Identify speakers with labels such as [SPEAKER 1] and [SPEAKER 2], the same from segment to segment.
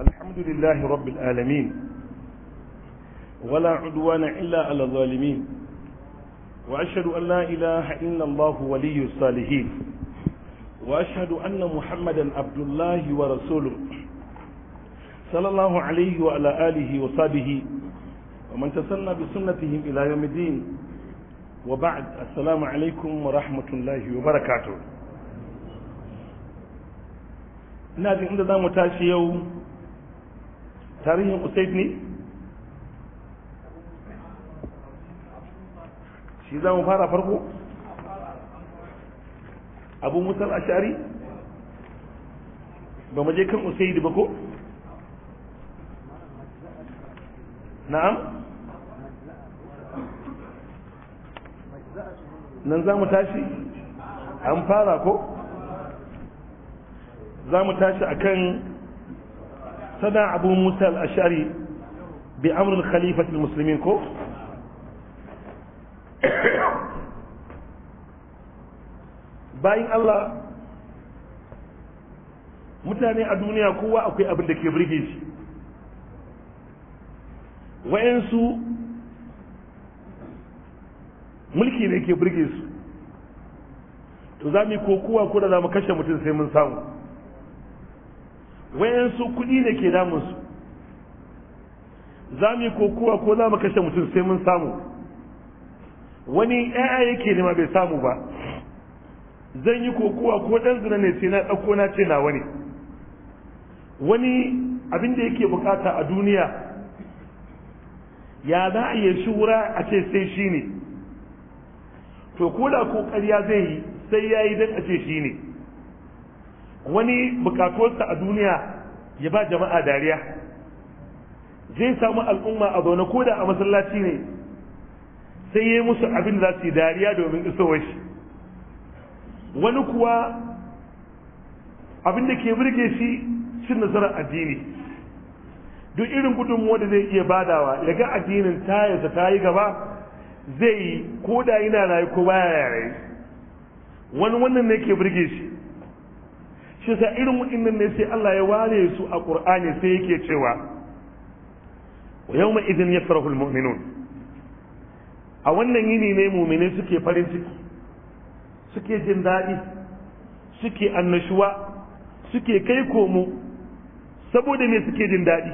[SPEAKER 1] الحمد لله رب العالمين ولا عدوان إلا على الظالمين وأشهد أن لا إله إلا الله ولي الصالحين وأشهد أن محمدا عبد الله ورسوله صلى الله عليه وعلى آله وصحبه ومن تسنى بسنتهم إلى يوم الدين وبعد السلام عليكم ورحمة الله وبركاته ina jin inda za mu tashi yau tarihin usaid ne shi za mu fara farko abu musal ashari ba mu kan usaid ba ko na'am nan za mu tashi an fara ko za mu tashi akan sana abu musa al-ashari bi amrin khalifatul muslimin ko bayan Allah mutane a duniya kowa akwai abin da ke birge shi wayansu mulki ne ke birge su to za mu yi kokowa ko da za mu kashe mutum sai mun samu wayansu kuɗi ne ke damun su za mu yi kokowa ko za mu kashe mutum sai mun samu wani ƴaƴa yake nema bai samu ba zan yi kokowa ko ɗan zina ne sai na ɗauko na ce nawa ne wani abin da yake bukata a duniya ya za a shura a ce sai shi ne to ko da ko ƙarya zai yi sai ya yi don a ce shi ne wani bukatuwarsa a duniya ya ba jama'a dariya zai samu al'umma a zaune ko da a masallaci ne sai ya yi musu abin da za su yi dariya domin isowar shi wani kuwa abin da ke birge shi cin nasarar addini duk irin gudunmuwa da zai iya badawa ya ga addinin tayarsa ta yi gaba zai yi ko da yana rayu ko baya yare wani wannan ne ke birge shi shi sa irin wa'annan ne sai Allah ya ware su a Qur'ani sai yake cewa wa yawma ya yafrahu almu'minun a wannan yini ne mu'mini suke farin ciki suke jin daɗi suke annashuwa suke kai komo saboda me suke jin daɗi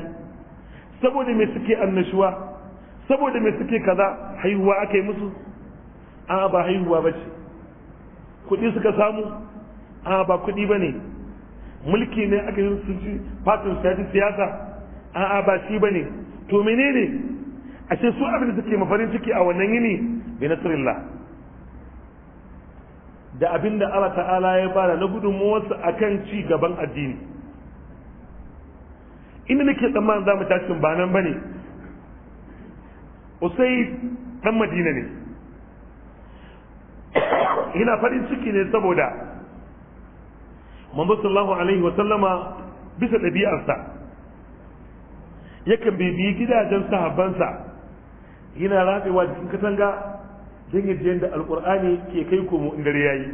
[SPEAKER 1] saboda me suke annashuwa saboda me suke kaza haihuwa aka yi musu a ba haihuwa ba ce kuɗi suka samu a ba kuɗi ba ne mulki ne aka yi sun ci fatin shafi siyasa a'a ba shi bane to menene ce su abin da suke mafarin ciki a wannan yini bi nasrillah da abin da Allah ta'ala ya bada na gudunmuwarsa akan ci gaban addini inda nake tsammanin za mu tashi ba nan bane usai dan madina ne ina farin ciki ne saboda manzo sallallahu alaihi wa sallama bisa ɗabi'arsa yakan bibiyi gidajen sahabbansa yana ratsewa cikin katanga don yadda alkur'ani ke kai komo in dare yayi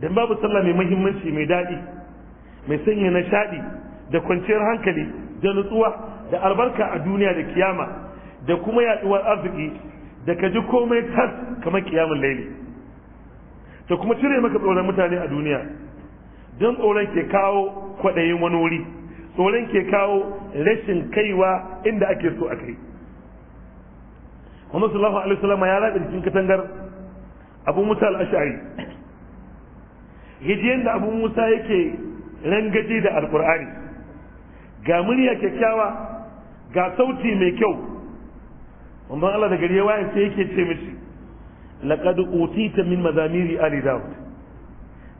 [SPEAKER 1] dan babu sallah mai muhimmanci mai daɗi mai sanya nishaɗi da kwanciyar hankali da nutsuwa da albarka a duniya da kiyama da kuma yaɗuwar arziki da ka ji komai tas kamar kiyamun laili ta kuma cire maka tsoron mutane a duniya don tsoron ke kawo kwaɗayin wani wuri tsoron ke kawo rashin kaiwa inda ake so a kai Muhammad sallallahu alaihi wasallam ya rabe cikin katangar Abu Musa al-Ash'ari da abin Abu Musa yake rangaje da alkur'ani ga murya kyakkyawa ga sauti mai kyau wannan Allah da gari ya wayance yake ce mishi laqad utita min mazamiri ali daud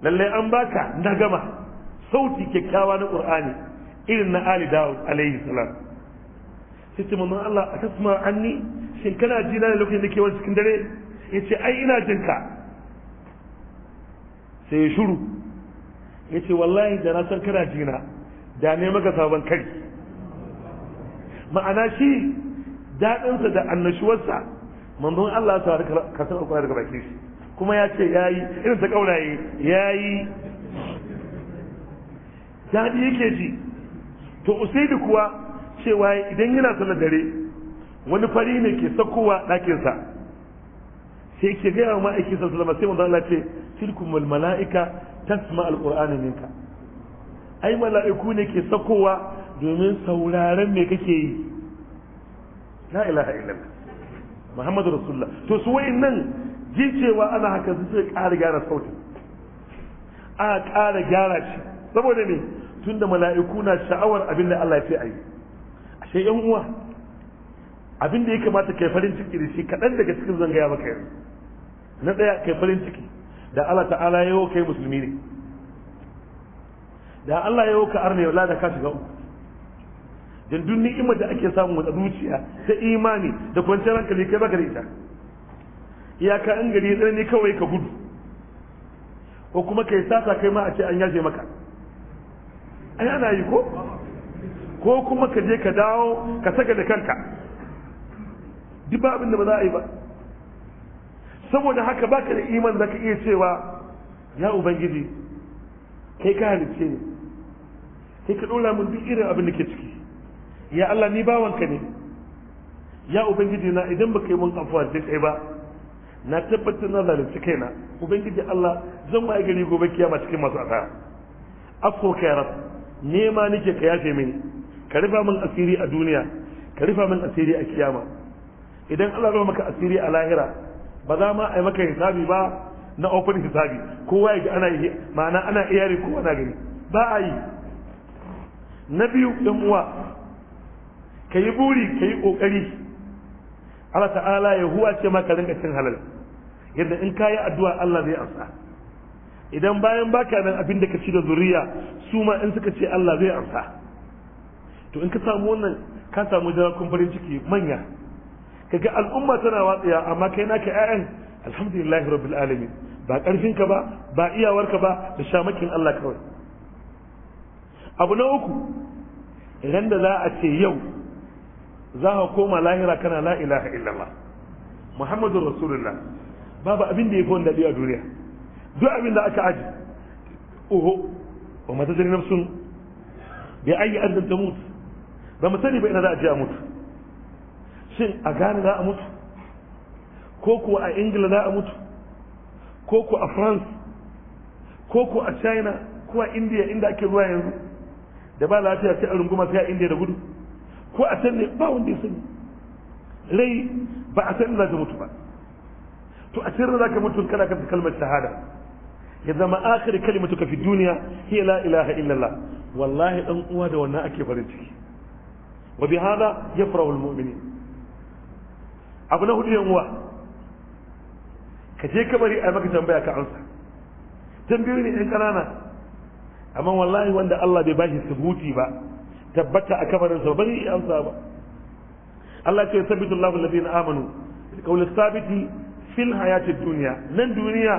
[SPEAKER 1] lalle an baka na gama sauti kyakkyawa na qur'ani irin na ali daud alaihi salam sai ce Allah a tasma anni shin kana ji na lokacin da ke wani cikin dare yace ai ina jin ka sai ya shuru yace wallahi da na san kana ji na da ne maka sabon kai ma'ana shi daɗinsa da annashuwarsa manzon Allah ta da kasan alƙur'ani daga bakin shi kuma ya ce yayi irin ta kaulaye yayi dadi yake ji to usaidu kuwa cewa idan yana sallar dare wani fari ne ke sakowa ɗakinsa sai ke gaya wa ma'aiki sa sulama sai manzon Allah ce tilkumul mala'ika tasma alqur'ana minka ai mala'iku ne ke sakowa domin sauraron me kake yi la ilaha illallah muhammadu rasulullah to su wayin nan ji cewa ana haka su sai ƙara gyara sautin a ƙara gyara shi saboda me tunda mala'iku na sha'awar abin da Allah ya ce ayi ashe ƴan uwa abin da ya kamata kai farin ciki da shi kaɗan daga cikin zan gaya maka yanzu na ɗaya kai farin ciki da Allah ta'ala ya kai musulmi ne da Allah ya ka arne wala da ka shiga uku dan duk ni'imar da ake samu a zuciya ta imani da kwanciyar hankali kai baka da ita ka an gari tsanani kawai ka gudu ko kuma kai sata kai ma a ce an yaje maka ai ana yi ko ko kuma ka je ka dawo ka saka da kanka duk ba abin da ba za a yi ba saboda haka baka da iman zaka iya cewa ya ubangiji kai ka halicce ni kai ka dora mun duk irin abin da ke ciki ya Allah ni bawanka ne ya ubangiji na idan baka yi mun afuwa da kai ba na tabbatar na zalunci kaina ubangiji Allah zan waye gari gobe kiyama cikin masu asara afko ka ya nema nake ka yafe mini ka rufa min asiri a duniya ka rufa min asiri a kiyama idan Allah ya maka asiri a lahira ba za ma a yi maka hisabi ba na open hisabi kowa ya ana yi ma'ana ana iyari kowa na gani ba a yi na biyu yan uwa ka yi buri ka yi ƙoƙari Allah ta'ala ya huwa ce maka rinka cin halal yadda in ka yi addu'a Allah zai amsa idan bayan baka nan abin da ka ci da zuriya su ma in suka ce Allah zai amsa to in ka samu wannan ka samu jarakun farin ciki manya kaga al'umma tana watsiya amma kai naka 'ya'yan alhamdulillahi rabbil alamin ba ka ba ba iyawar ka ba da shamakin Allah kawai abu na uku idan da za a ce yau za ka koma lahira kana la ilaha illallah muhammadur rasulullah babu abin da ya fi wanda a duniya duk abin da aka aji oho wa mata jini nafsun bai ayi an ta mutu ba mu sani ba ina za a ji a mutu shin a gane za a mutu ko kuwa a ingila za a mutu ko kuwa a france ko kuwa a china ko a india inda ake zuwa yanzu da ba lafiya sai a runguma sai a india da gudu ko a can ne ba wanda ya sani rai ba a san za mutu ba to a can za mutu kana kan kalmar shahada ya zama akhir ka fi duniya hiya la ilaha illa allah. wallahi dan uwa da wannan ake farin ciki wa bi hada yafrahu almu'minin abu na hudu yan uwa ka je ka bari a maka tambaya ka ansa tambayoyi ne yan kanana amma wallahi wanda Allah bai bashi subuti ba tabbata a kamarinsa ba zai amsa ba Allah ce sabitu Allah alladhina amanu qawl sabiti fil hayatid dunya nan duniya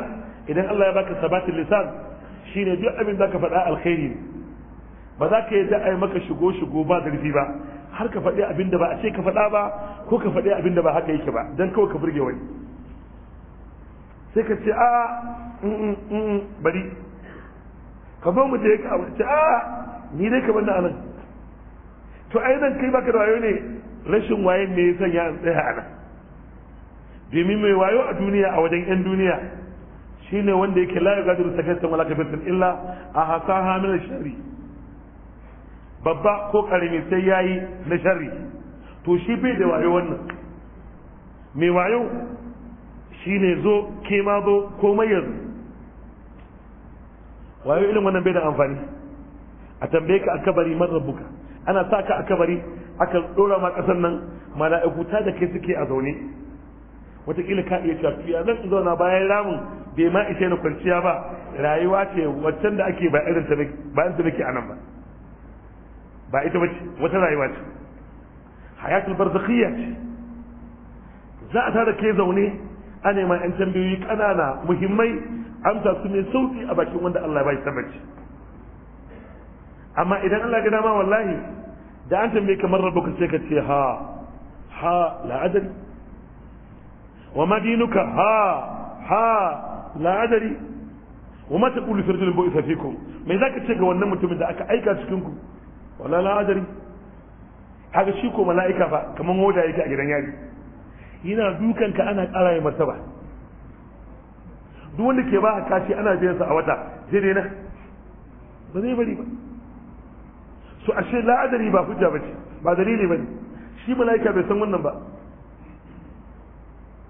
[SPEAKER 1] idan Allah ya baka sabatin lisan shine duk abin da ka faɗa alkhairi ba za ka yadda ai maka shigo shigo ba zarfi ba har ka faɗi abin da ba a ce ka faɗa ba ko ka faɗi abin da ba haka yake ba dan kawai ka burge wani sai ka ce a mm, mm, mm, bari ka zo mu je ka ce a ni dai ka da anan to a nan kai baka da wayo ne rashin waye ne ya sanya an tsaya ana domin mai wayo a duniya a wajen yan duniya shine wanda yake la yagadiru sakatan wala kafatan illa ahsaha da shari. babba ko karami sai yayi na shari to shi bai da wayo wannan mai wayo shine zo ke ma zo ko yanzu wayo ilin wannan bai da amfani a tambaye ka a kabari man rabbuka ana sa ka a kabari aka dora ma ƙasar nan mala'iku ta da kai suke a zaune wataƙila ka iya cewa ya zan zauna bayan ramin bai ma ishe na kwanciya ba rayuwa ce waccan da ake ba irin ta ba ta nake anan ba ba ita ce, wata rayuwa ce hayatul barzakhiyya ce za a tara kai zaune a yan tambayoyi ƙanana muhimmai amsa su ne sauki a bakin wanda Allah ya ba shi tabbaci amma idan Allah ga dama wallahi da an tambaye kamar rabbuka sai ka ce ha ha la adari wa madinuka ha ha la adari wa ma taqulu fi rajulin bu'itha fikum me zaka ce ga wannan mutumin da aka aika cikin ku wala la adari haka shi ko mala'ika fa kaman hoda yake a gidan yari yana dukan ka ana ƙara martaba duk wanda ke ba kashi ana biyan sa a wata zai daina ba zai bari ba su ashe la'adari ba hujja ba ce ba dalili ba ne shi mala'ika bai san wannan ba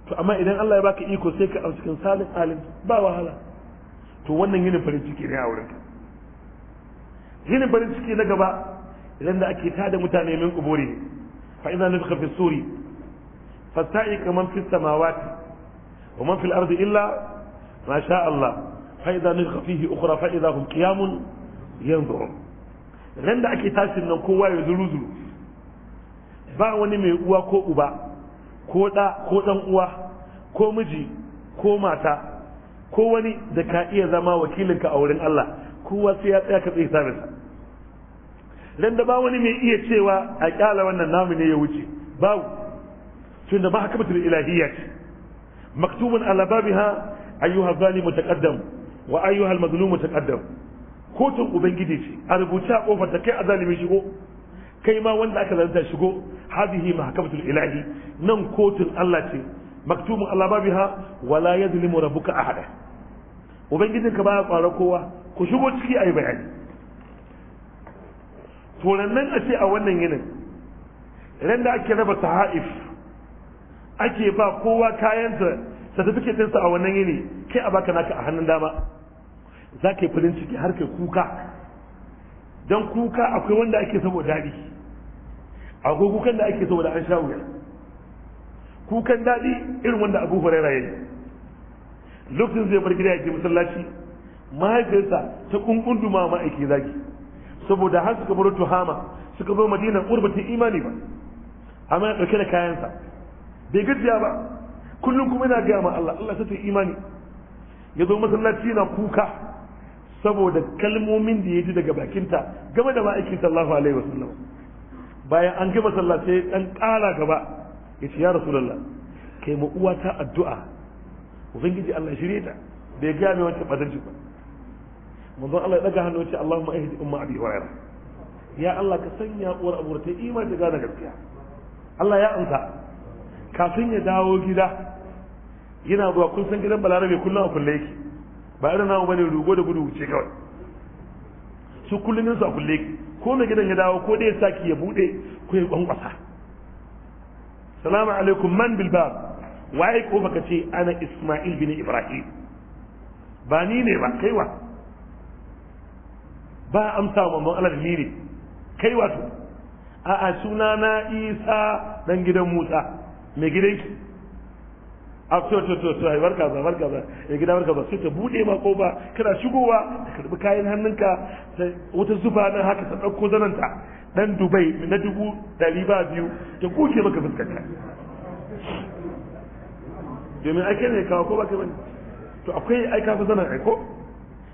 [SPEAKER 1] to amma idan Allah ya baka iko sai ka a cikin salin alim ba wahala to wannan yinin farin ciki ne a wurin yinin farin ciki na gaba idan da ake tada mutane min kubure fa idan nufka fi suri fasta'i kaman fi samawati wa man fil ardi illa ma sha Allah fa idan nufka fihi ukhra fa idan hum qiyamun yanzurun ran da ake tashin nan kowa ya zuru zuru ba wani mai uwa ko uba ko da ko dan uwa ko miji ko mata ko wani da ka iya zama wakilinka a wurin Allah kowa sai ya tsaya ka tsaye sabisa ran da ba wani mai iya cewa a kyala wannan namu ne ya wuce babu tun da mahakamatul ilahiyya ce maktubun ala babiha ayyuha zalimu taqaddam wa ayyuha al-mazlumu taqaddam kotun ubangiji ce a rubuce a kofar da kai azalimi shigo kai ma wanda aka lanta shigo hadihi mahkamatul ilahi nan kotun Allah ce maktumun Allah ba biha wala yadlimu rabbuka ahada ka baya kwara kowa ku shigo ciki ayi bayani to nan a ce a wannan yinin ran da ake raba tahaif ake ba kowa kayansa certificate ɗinsa a wannan yini kai a baka naka a hannun dama za ka yi farin ciki har kai kuka don kuka akwai wanda ake saboda daɗi akwai kukan da ake saboda an sha wuya kukan daɗi irin wanda abu huraira ya yi lokacin zai bar gida ya je masallaci mahaifiyarsa ta kunkundu ma ma'aiki zaki saboda har suka bar tuhama suka bar madina ƙurbatin imani ba amma ya ɗauke da kayansa bai gajiya ba kullum kuma yana gaya ma Allah Allah sai imani ya zo masallaci na kuka saboda kalmomin da ya ji daga bakinta game da ma'aikin sallallahu alaihi wasallam bayan an gama sallah sai dan ƙara gaba ya ce ya rasulullah kai ma uwata addu'a ubangiji Allah shirye ta bai ga mai wancan badarji ba manzon Allah ya daga hannu ya ce Allahumma ihdi umma abi hurairah ya Allah ka sanya uwar abu ta imani da gane gaskiya Allah ya amsa kafin ya dawo gida yana zuwa kun san gidan balarabe kullum a kulle yake ba irin namu bane rugo da gudu ce kawai su kullum yin sa kulle ko mai gidan ya dawo ko dai ya saki ya bude ko ya kwankwasa salamu alaikum man bil bab waye kofa ka ce ana isma'il bin ibrahim ba ni ne ba kaiwa ba amsa wa mamman Allah ni ne a a a'a na isa dan gidan musa mai gidanki a to to to to barka za barka kaza ya gida barka ba sai ta bude ma ko ba kana shigowa ka karbi kayan hannunka sai wata zuba nan haka ta dauko zananta dan Dubai na dubu dari ba biyu ta kuke maka fuskanta domin ake ne kawo ko ba ka bane to akwai ai ka zanan aiko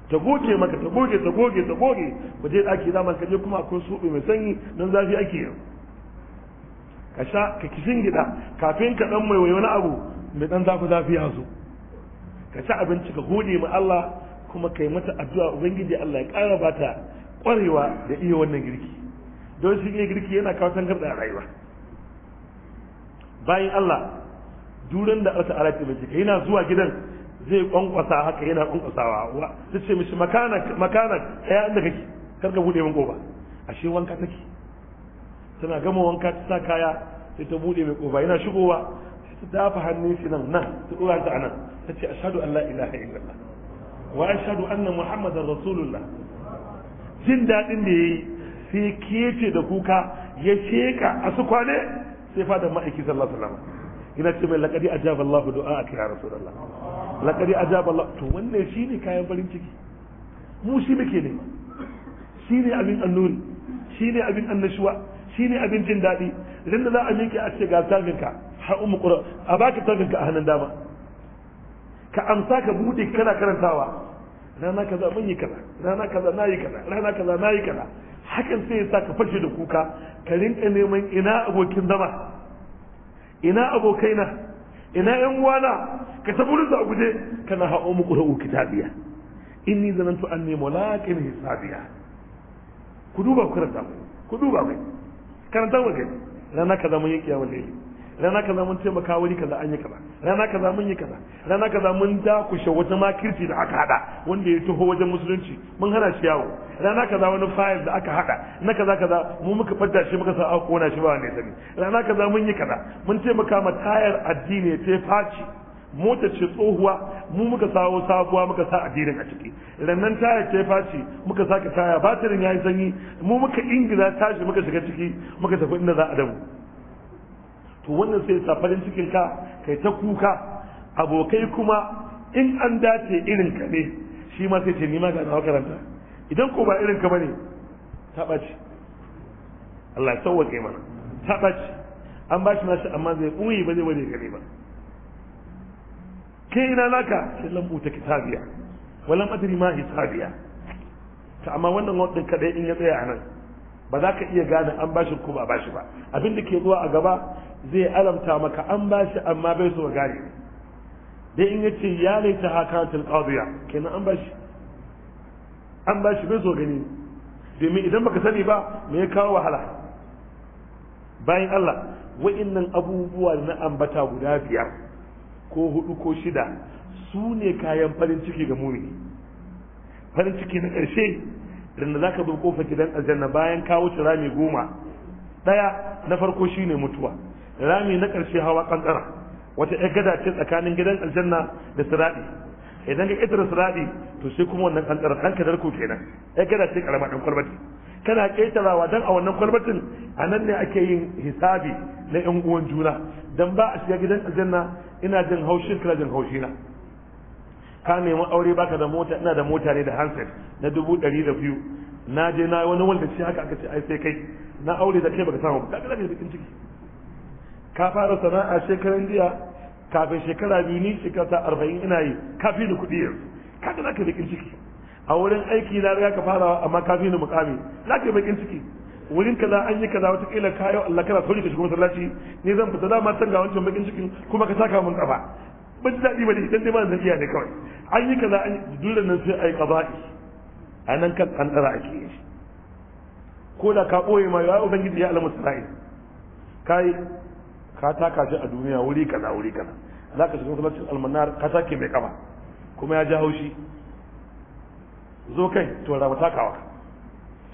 [SPEAKER 1] ta goge maka ta goge ta goge ta goge ba je daki za ka je kuma akwai su mai sanyi nan zafi ake yau ka sha ka kishin gida kafin ka dan mai wani abu mai dan zafi zafi ya zo ka ci abinci ka gode ma Allah kuma ka yi mata addu'a ubangiji Allah ya ƙara ta ƙwarewa da iya wannan girki don shi iya girki yana kawo tangar a rayuwa bayan Allah duran da Allah ta'ala taimake ka yana zuwa gidan zai kwankwasa haka yana kwankwasawa wa ta ce mishi makana makana ɗaya inda kake kar ka buɗe min ƙofa ashe wanka take tana gama wanka ta sa kaya sai ta buɗe mai ƙofa yana shigowa ta dafa hannun shi nan nan ta dora ta nan ta ce ashadu an la ilaha illallah wa ashadu anna muhammadar rasulullah jin daɗin da yayi sai kece da kuka ya sheka a su kwane sai fada ma'aiki sallallahu alaihi wasallam ina ce mai laqadi ajaba Allah du'a ya rasulullah laqadi ajaba Allah to wannan shine kayan farin ciki mu shi muke nema shine abin annuri shine abin annashuwa shine abin jin daɗi idan da za a miƙe a ce ga saminka har umu kura a baka tarkanka a hannun dama ka amsa ka bude kana karantawa rana kaza mun yi kaza rana kaza nayi kaza rana kaza nayi kaza hakan sai ya sa ka fashe da kuka ka rinka neman ina abokin zama ina abokaina ina yan uwana ka tafi wurin a guje kana hawo mu qura'u kitabiya inni zanantu anni mulaqin hisabiya ku duba ku karanta ku duba mai karanta mu gani rana kaza mun yi kiyama laili rana kaza mun taimaka wuri kaza an yi kaza rana kaza mun yi kaza rana kaza mun dakushe wata makirci da aka hada wanda ya taho wajen musulunci mun hana shi yawo rana kaza wani fayil da aka hada na kaza kaza mu muka fadda shi muka sa a kona shi ba wanda ya sani rana kaza mun yi kaza mun taimaka ma tayar addini ta faci mota ce tsohuwa mu muka sawo sabuwa muka sa addinin a ciki rannan tayar ta faci muka saka taya batirin yayi sanyi mu muka ingiza tashi muka shiga ciki muka tafi inda za a damu to wannan sai sa farin cikin ka kai ta kuka abokai kuma in an dace irin ka ne shi ma sai ce ni ma ga na karanta idan ko ba irin ka bane ta ɓaci Allah ya sauwaƙe mana ta ɓaci an ba shi nashi amma zai ɓuyi ba zai waje gare ba ke ina naka shi lambu ta kitabiya walan adri ma hisabiya ta amma wannan wadin kadai in ya tsaya a nan ba za ka iya gane an bashi ko ba bashi ba abin da ke zuwa a gaba zai alamta maka an bashi amma bai so gane dai in ya ya laita hakatul qadiya kenan an bashi an bashi bai so gani domin idan baka sani ba me ya kawo wahala bayan Allah wa'annan abubuwa na ambata guda biyar ko hudu ko shida su ne kayan farin ciki ga mumini farin ciki na ƙarshe da zaka zo kofar gidan aljanna bayan ka wuce rami goma daya na farko shine mutuwa rami na karshe hawa kankara wata ƴar gada ce tsakanin gidan aljanna da siradi idan ka ƙetare siradi to sai kuma wannan kankara dan ka darko kenan ƴar gada ce karama ɗan kwalbati kana ƙetarawa dan a wannan kwalbatin a nan ne ake yin hisabi na ƴan uwan juna dan ba a shiga gidan aljanna ina jin haushin kana jin haushina ka nemi aure baka da mota ina da mota ne da handset na dubu ɗari da biyu na je na wani wanda shi haka aka ce ai sai kai na aure da kai baka samu ka ga da bikin ciki ka fara sana'a shekaran jiya kafin shekara biyu ni shekara arba'in ina yi ka fi ni kuɗi yanzu ka ga ka bikin ciki a wurin aiki na riga ka farawa amma ka fi ni mukami zaka yi bikin ciki wurin kaza an yi kaza wata kila yau Allah kana sauri ka shiga masallaci ni zan fita dama can ga wancan bakin cikin kuma ka saka mun kafa ban ji daɗi ba ne idan dai ba zan iya ne kawai an yi kaza an yi dole nan sai ai qaba'i a nan kan an tsara ake yi ko da ka ɓoye ma ya ubangiji ya alamu sai kai ka taka shi a duniya wuri kaza wuri kaza za ka shiga masallacin almanar ka sake mai kaba kuma ya ja haushi zo kai to rama takawa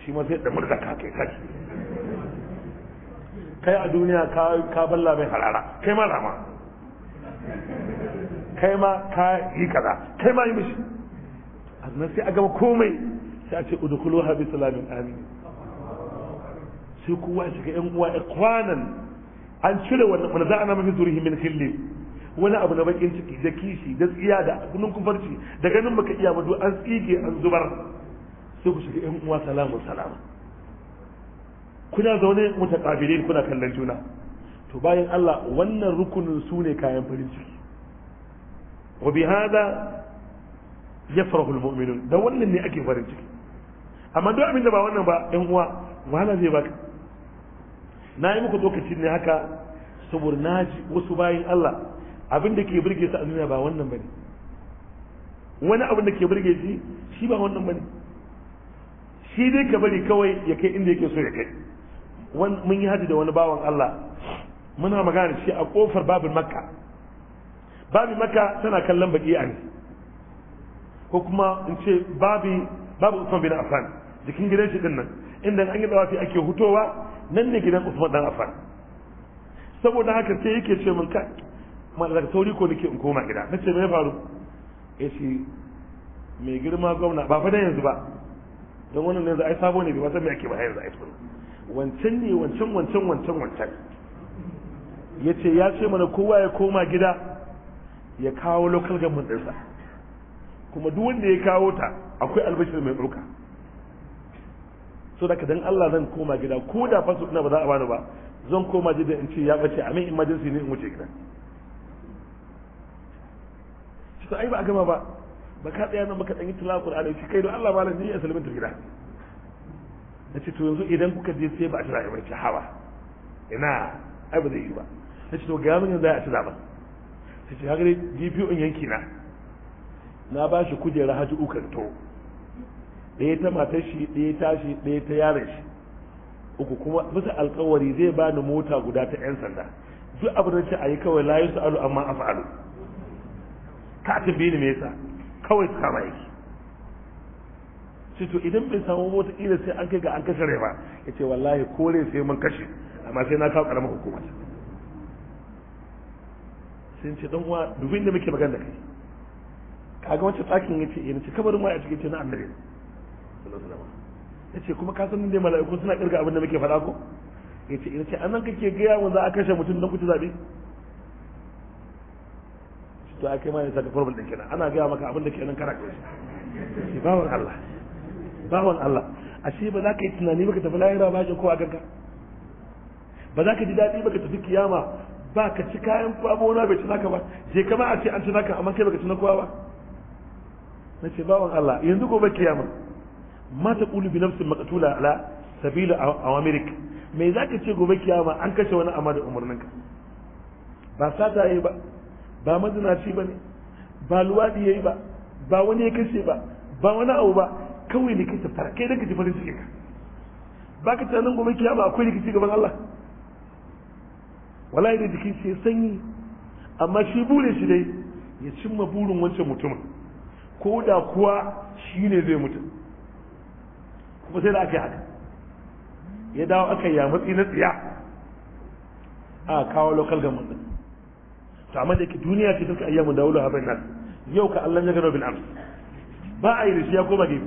[SPEAKER 1] shi ma sai da murza ka kai kai kai a duniya ka balla mai harara kai ma rama kai ma ka yi kaza kai ma yi mishi annan sai a gama komai sai a ce udkhuluha bi salamin amin sai kowa ya shiga yan uwa ikwanan an cire wannan wani za a nama zurihi min khilli wani abu na bakin ciki da kishi da tsiya da kunun kufarci da ganin baka iya ba an tsige an zubar sai ku shiga yan uwa salamun salama kuna zaune mutakabilin kuna kallon juna to bayan Allah wannan rukunin su ne kayan farin ciki wa bi hada yafrahu almu'minun da wannan ne ake farin ciki amma duk abin da ba wannan ba ɗan uwa wala zai baka na yi muku lokaci ne haka saboda na ji wasu bayan Allah abin da ke burge su a duniya ba wannan bane wani abin da ke burge shi shi ba wannan bane shi dai ka bari kawai ya kai inda yake so ya kai mun yi haji da wani bawan Allah muna magana shi a kofar babin makka babi maka tana kallon baki'a ne ko kuma in ce babi babu usman bin affan jikin gidan shi dinnan inda an yi tsawafi ake hutowa nan ne gidan usman dan affan saboda haka sai yake ce min kai daga sauri ko nake in koma gida nace me ya faru ya ce mai girma gwamna ba fa da yanzu ba don wannan yanzu ai sabo ne bai wata me ake ba yanzu ai wancan ne wancan wancan wancan wancan ya ce ya ce mana kowa ya koma gida ya kawo local government ɗinsa kuma duk wanda ya kawo ta akwai albashir mai ɗauka so daga dan Allah zan koma gida ko da fasu ina ba za a bani ba zan koma gida in ce ya bace a mai emergency ne in wuce gida shi ta ai ba a gama ba ba ka tsaya nan baka dan yi tilawar Qur'ani shi kai don Allah malam ya asalin ta gida nace to yanzu idan kuka je sai ba a tira ba ce ina ai ba zai yi ba nace to ga mun yanzu a ci ba. ta ce haka dpo in yanki na na ba shi kujera haji ukan to ɗaya ta matar shi ɗaya tashi ɗaya ta yaran shi uku kuma bisa alkawari zai ba ni mota guda ta yan sanda duk abu da ce a yi kawai layu su alu amma afa'alu ka tambaye ni me yasa kawai su kama yake to idan bai samu mota kila sai an kai ga an kashe rai ba yace wallahi kore sai mun kashe amma sai na kawo karamar hukumar sai ce dan uwa dubi inda muke magana da kai kaga wancan tsakin yace eh nace kabarin ma a cikin ce na annabi sallallahu alaihi wasallam yace kuma ka san inda mala'iku suna kirga abin da muke faɗa ko yace eh nace annan kake gaya yawo za a kashe mutum dan kuci zabe to akai ma ne saka problem din kenan ana gaya maka abin da kenan kara kai shi bawon Allah bawon Allah ashe ba za ka yi tunani baka tafi lahira ba ko a ganka ba za ka ji daɗi baka tafi kiyama ba ka ci kayan kwabo ba wani bai ci naka ba je kama a ce an ci naka amma kai baka ci na kowa ba na ce bawan Allah yanzu gobe kiyama mata qulu bi nafsin maqtula ala sabil awamirik me zaka ce gobe kiyama an kashe wani amma da ka? ba sata yayi ba ba Madina ci bane ba luwadi yayi ba ba wani ya kashe ba ba wani abu ba kawai ne kace farke da kace farin ciki ka baka nan gobe kiyama akwai kici gaban Allah wallahi da jikin shi sanyi amma shi bure shi dai ya cimma burin wancan mutumin ko da kuwa shi ne zai mutu kuma sai da aka yi haka ya dawo aka yi matsi na tsiya a kawo local government din to amma da ke duniya ce take ayyamu dawulu haɓar nan yau ka Allah ya gano bin amr ba a yi da shi ya koma gefe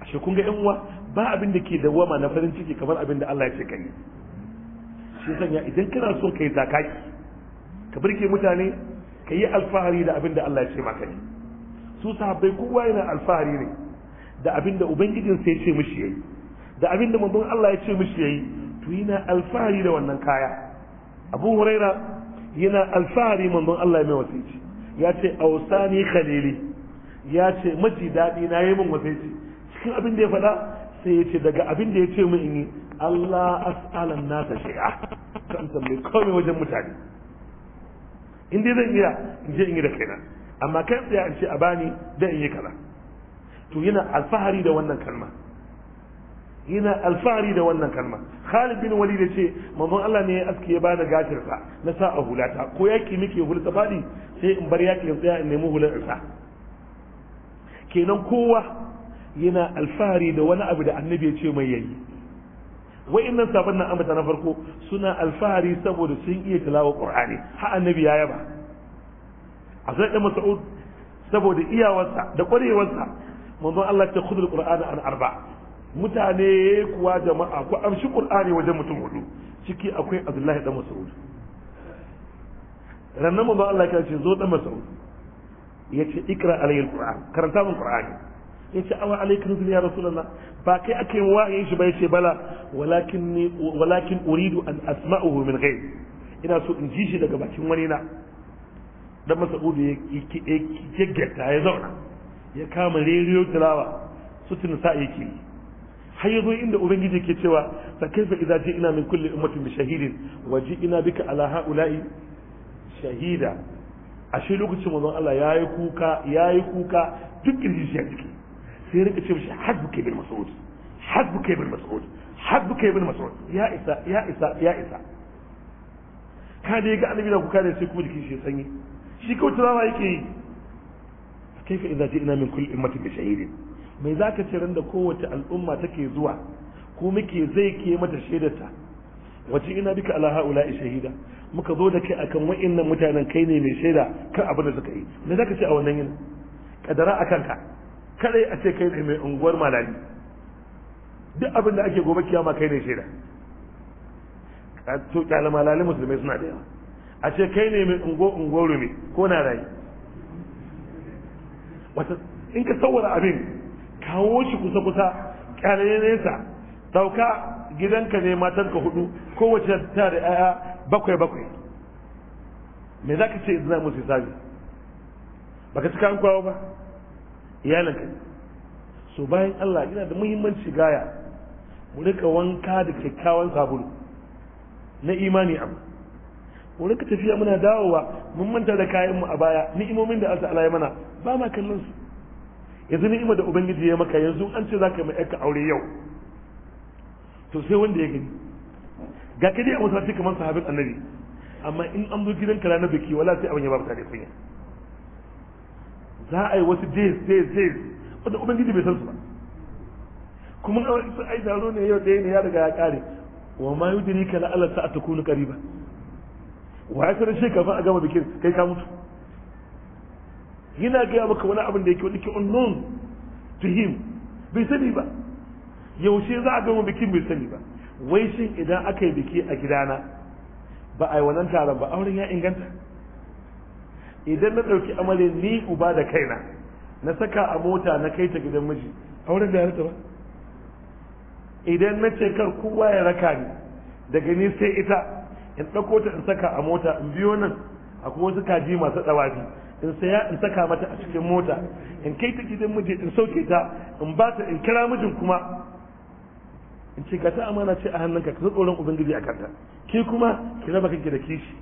[SPEAKER 1] a shekun ga yan uwa ba abin da ke dawama na farin ciki kamar abin da Allah ya ce kan yi shi sanya idan kana so yi zakaki ka birke mutane ka yi alfahari da abin Allah ya ce maka ne su sahabbai kowa yana alfahari ne da abin da ubangijin sai ce mishi yayi da abin da Allah ya ce mishi yayi to yana alfahari da wannan kaya Abu Huraira yana alfahari manzon Allah ya mai wasici ya ce ausani khalili ya ce maji dadi na yi min cikin abin da ya faɗa sai ya ce daga abin da ya ce min in yi Allah as'alan nasa shay'a kan tambaye kome wajen mutane in dai zan iya in je in yi da kaina amma kan tsaya in ce a bani dan in yi kaza to yana alfahari da wannan kalma yana alfahari da wannan kalma Khalid bin Walid yace manzon Allah ne ya aske ya bada gatir sa na sa a hulata ko yaki muke hulata fadi sai in bar yaki ya tsaya in nemi hulata kenan kowa yana alfahari da wani abu da annabi ya ce mai yayi wa'annan sabon nan ambata na farko suna alfahari saboda sun iya tilawa qur'ani ha annabi ya yaba a zai da mas'ud saboda iyawarsa da kwarewarsa manzon Allah ta khudul qur'ana an arba mutane kuwa jama'a ku amshi qur'ani wajen mutum hudu ciki akwai Abdullahi dan Mas'ud rannan manzon Allah ya ce zo dan Mas'ud ce ikra alayhi alquran karanta min qur'ani in ce awa alaikar rufin ya rasulallah ba kai aka yi wahayin shi ba ce bala walakin uridu an asma'uhu min gai ina so in ji shi daga bakin wani na dan masa'udu ya gaggata ya zauna ya kama rediyo tilawa su tun sa yake har yazo inda ubangiji ke cewa fa kaifa idza ina min kulli ummatin bi shahidin wa ina bika ala haula'i shahida ashe lokacin manzon Allah yayi kuka yayi kuka duk kirji shi a ciki sai rika ce mishi hasbuka bin mas'ud hasbuka bin mas'ud hasbuka bin mas'ud ya isa ya isa ya isa ka dai ga annabi da kuka da sai kuma jikin shi sanyi shi kawai turawa yake yi kaifa idza ji'na min kulli ummatin bi shahidin mai zaka ce ran da kowace al'umma take zuwa ko muke zai ke mata shaidarta wace ina bika ala haula'i shahida muka zo da kai akan wa'annan mutanen kai ne mai shaida kan abin da suka yi me zaka ce a wannan yin kadara akan ka kadai a ce kai ne mai unguwar malami duk abin da ake gobe kiyama kai ne shaida to kyale malami musulmai suna da yawa a ce kai ne mai ungo ungo rumi ko na rayi wata in ka saurara abin kawo shi kusa kusa kyale nesa dauka gidanka ne matanka hudu kowace ta da yaya bakwai bakwai me za ka ce idan musu hisabi baka cika an kwawo ba iyalanka so bayan Allah yana da muhimmanci gaya mu rika wanka da kyakkyawan sabulu na imani abu mu rika tafiya muna dawowa mun manta da kayanmu a baya ni'imomin da Allah ya mana ba ma kallon su yanzu ni'ima da ubangiji ya maka yanzu an ce zaka mai aika aure yau to sai wanda ya gani ga kadi a masallaci kamar sahabin annabi amma in an zo gidanka ranar biki wala sai abin ya ba mutane kunya za a yi wasu days days days wanda ubangiji bai san su ba kuma ai zaro ne yau ɗaya ne ya riga ya ƙare wa ma diri kala alla sa'a ƙari ba. wa ya sanar shi a gama bikin kai ka mutu yana gaya maka wani abin da yake wani ke unknown to him bai sani ba yaushe za a gama bikin bai sani ba wai shin idan aka yi biki a gidana ba a yi wannan taron ba auren ya inganta idan na ɗauki amale ni uba da kaina na saka a mota na kai ta gidan miji auren da ta ba idan na ce kar kowa ya raka ni daga ni sai ita in ɗauko ta in saka a mota in biyo nan akwai wasu kaji masu ɗawafi in saya in saka mata a cikin mota in kai ta gidan miji in sauke ta in ba ta in kira mijin kuma in ce ka ta amana ce a hannunka ka tsoron ubangiji a kanta ke kuma ki raba kanki da kishi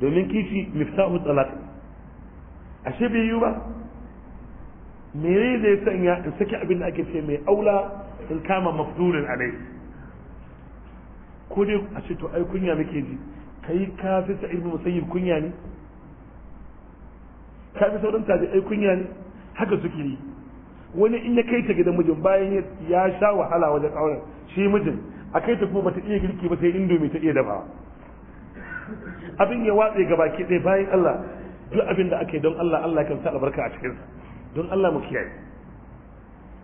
[SPEAKER 1] domin kishi miftahu talaq ashe bai yiwu ba mene zai sanya in saki abin da ake ce mai aula in kama mafdurin alai ko dai a ce to ai kunya muke ji kai ka fi sa ilmi musayyib kunya ne ka fi sauran tafi ai kunya ne haka suke yi wani in ya kai ta gidan mijin bayan ya sha wahala wajen auren shi mijin a kai ta kuma bata iya girki ba sai indomi ta iya dafa abin ya watse ga baki ɗaya bayan Allah duk abin da ake don Allah Allah kan sa albarka a cikinsa don Allah mu kiyaye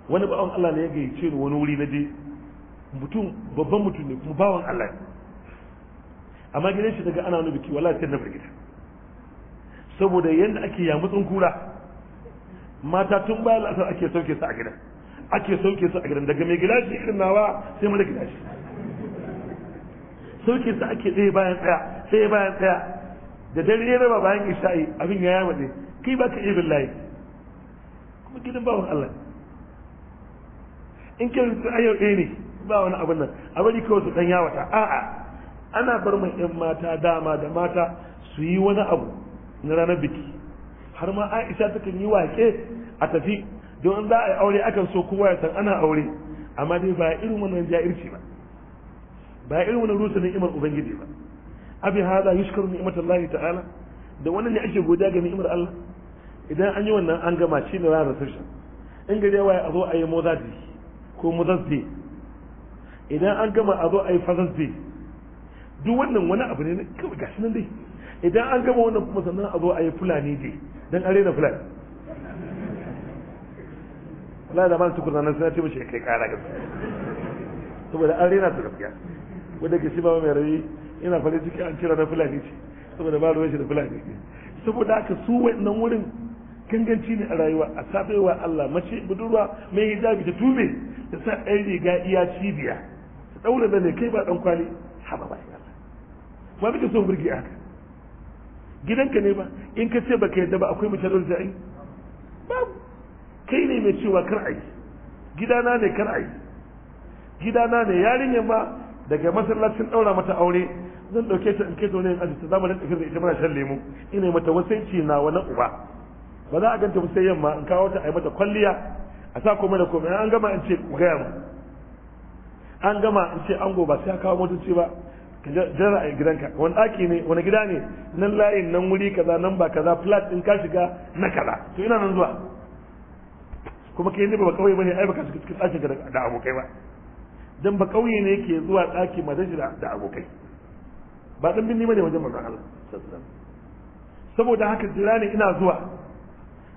[SPEAKER 1] wani bawan Allah ne ya gayyace ni wani wuri na je mutum babban mutum ne kuma bawan Allah ne amma gidan shi daga ana wani biki wallahi sai na firgita saboda yanda ake ya mutsun kura mata tun bayan asar ake sauke su a gidan ake sauke su a gidan daga mai gida shi irin nawa sai mara gida shi sauke su ake tsaye bayan tsaya sai bayan tsaya. da dare ya raba bayan isha'i abin ya yawa ne kai ba ka iya billahi kuma gidan bawan Allah in ke rubuta ayyau ɗaya ne ba wani abin nan a bari kawai su ɗan yawata a'a ana bar mai ƴan mata dama da mata su yi wani abu na ranar biki har ma Aisha takan yi wake a tafi don za a yi aure akan so kowa ya san ana aure amma dai ba irin wannan ja'irci ba ba irin wannan rusa ni'imar ubangiji ba abi hada ni'mat Allah ta'ala da wannan ne ake godiya ga ni'imar Allah idan an yi wannan an gama shi ne ranar reception in gari waya a zo a yi mozadi ko mozadi idan an gama a zo a yi fazazze duk wannan wani abu ne kawai gashi nan dai idan an gama wannan kuma sannan a zo a yi fulani dai dan are na fulani Allah da mana tukuna nan sai ce mishi kai kara gaskiya saboda an rena su gaskiya wanda ke shi ba mai rabi yana farin ciki an cira na fulani ce saboda ba ruwan shi da fulani ne saboda haka su wannan wurin ganganci ne a rayuwa a sabewa Allah mace budurwa mai hijabi ta tube ta sa ɗan riga iya cibiya ta ɗaura da ne kai ba ɗan kwali haba ba ya ba ka so burge haka gidanka ne ba in ka ce baka yadda ba akwai mace da za'i ba kai ne mai cewa kar ai gidana ne kar ai gidana ne yarinyar ba daga masallacin ɗaura mata aure zan dauke ta in kai ta wani aji ta zamanin da ita muna shan lemu ina mata wasanci na wani uba ba za a ganta ba sai yamma in kawo ta a yi mata kwalliya a sa komai da komai an gama in ce ku gaya mu an gama in ce ango ba sai a kawo motoci ba ka jira a gidanka wani ɗaki ne wani gida ne nan layin nan wuri kaza nan ba kaza flat din ka shiga na kaza to ina nan zuwa kuma kai ne ba kawai bane ai baka shiga cikin ɗakin da abokai ba dan ba kauye ne ke zuwa ɗaki madajira da abokai ba dan binni bane wajen manzon Allah saboda haka jira ne ina zuwa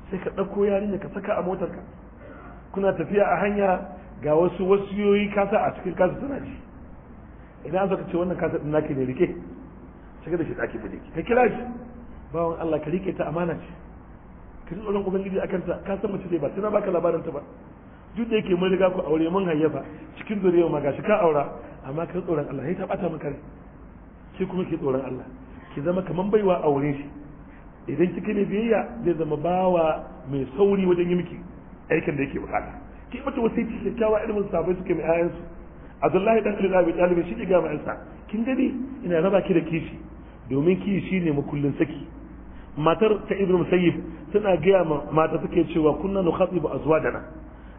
[SPEAKER 1] sai ka ɗauko yarinya ka saka a motarka kuna tafiya a hanya ga wasu wasiyoyi kasa a cikin kasa suna ji idan an zaka ce wannan kasa din naki ne rike shiga da shi daki bude ka kira shi bawan Allah ka rike ta amana ce ka ji tsoron ubangiji akan ta ka san mace dai ba tana baka labarin ta ba duk da yake mun riga ku aure mun hayyafa cikin zuriyar ma gashi ka aura amma ka tsoron Allah sai ta bata maka rai shi kuma ke tsoron Allah ki zama kaman baiwa aure wurin shi idan kika ne biyayya zai zama bawa mai sauri wajen yi miki aikin da yake bukata ki mutu wasu ci kyakkyawa irin musafai suke mai ayansu Abdullahi dan Ali Rabi Talibi shi ki ga mai sa kin gani ina raba ki da kishi domin shi ne mukullin saki matar ta Ibrahim Musayyib tana gaya ma mata suke cewa kunna nukhatibu azwajana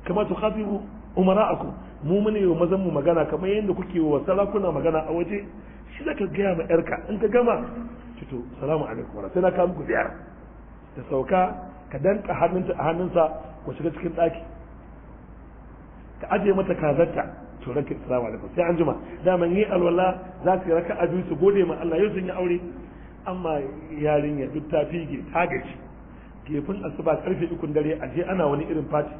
[SPEAKER 1] kama tukhatibu umara'akum mu mune yau mazan mu magana kamar yadda kuke wa sarakuna magana a waje shi za ka gaya ma yarka in ka gama fito salamu alaikum sai na kawo muku ziyara ta sauka ka danka hannunta a hannunsa ko shiga cikin ɗaki ka aje mata kazarta to ranka salamu alaikum sai an jima daman yi alwala za su yi raka a biyu su gode ma Allah yau sun yi aure amma yarinya duk ta fige ta gaji gefin asuba karfe ukun dare a ana wani irin fati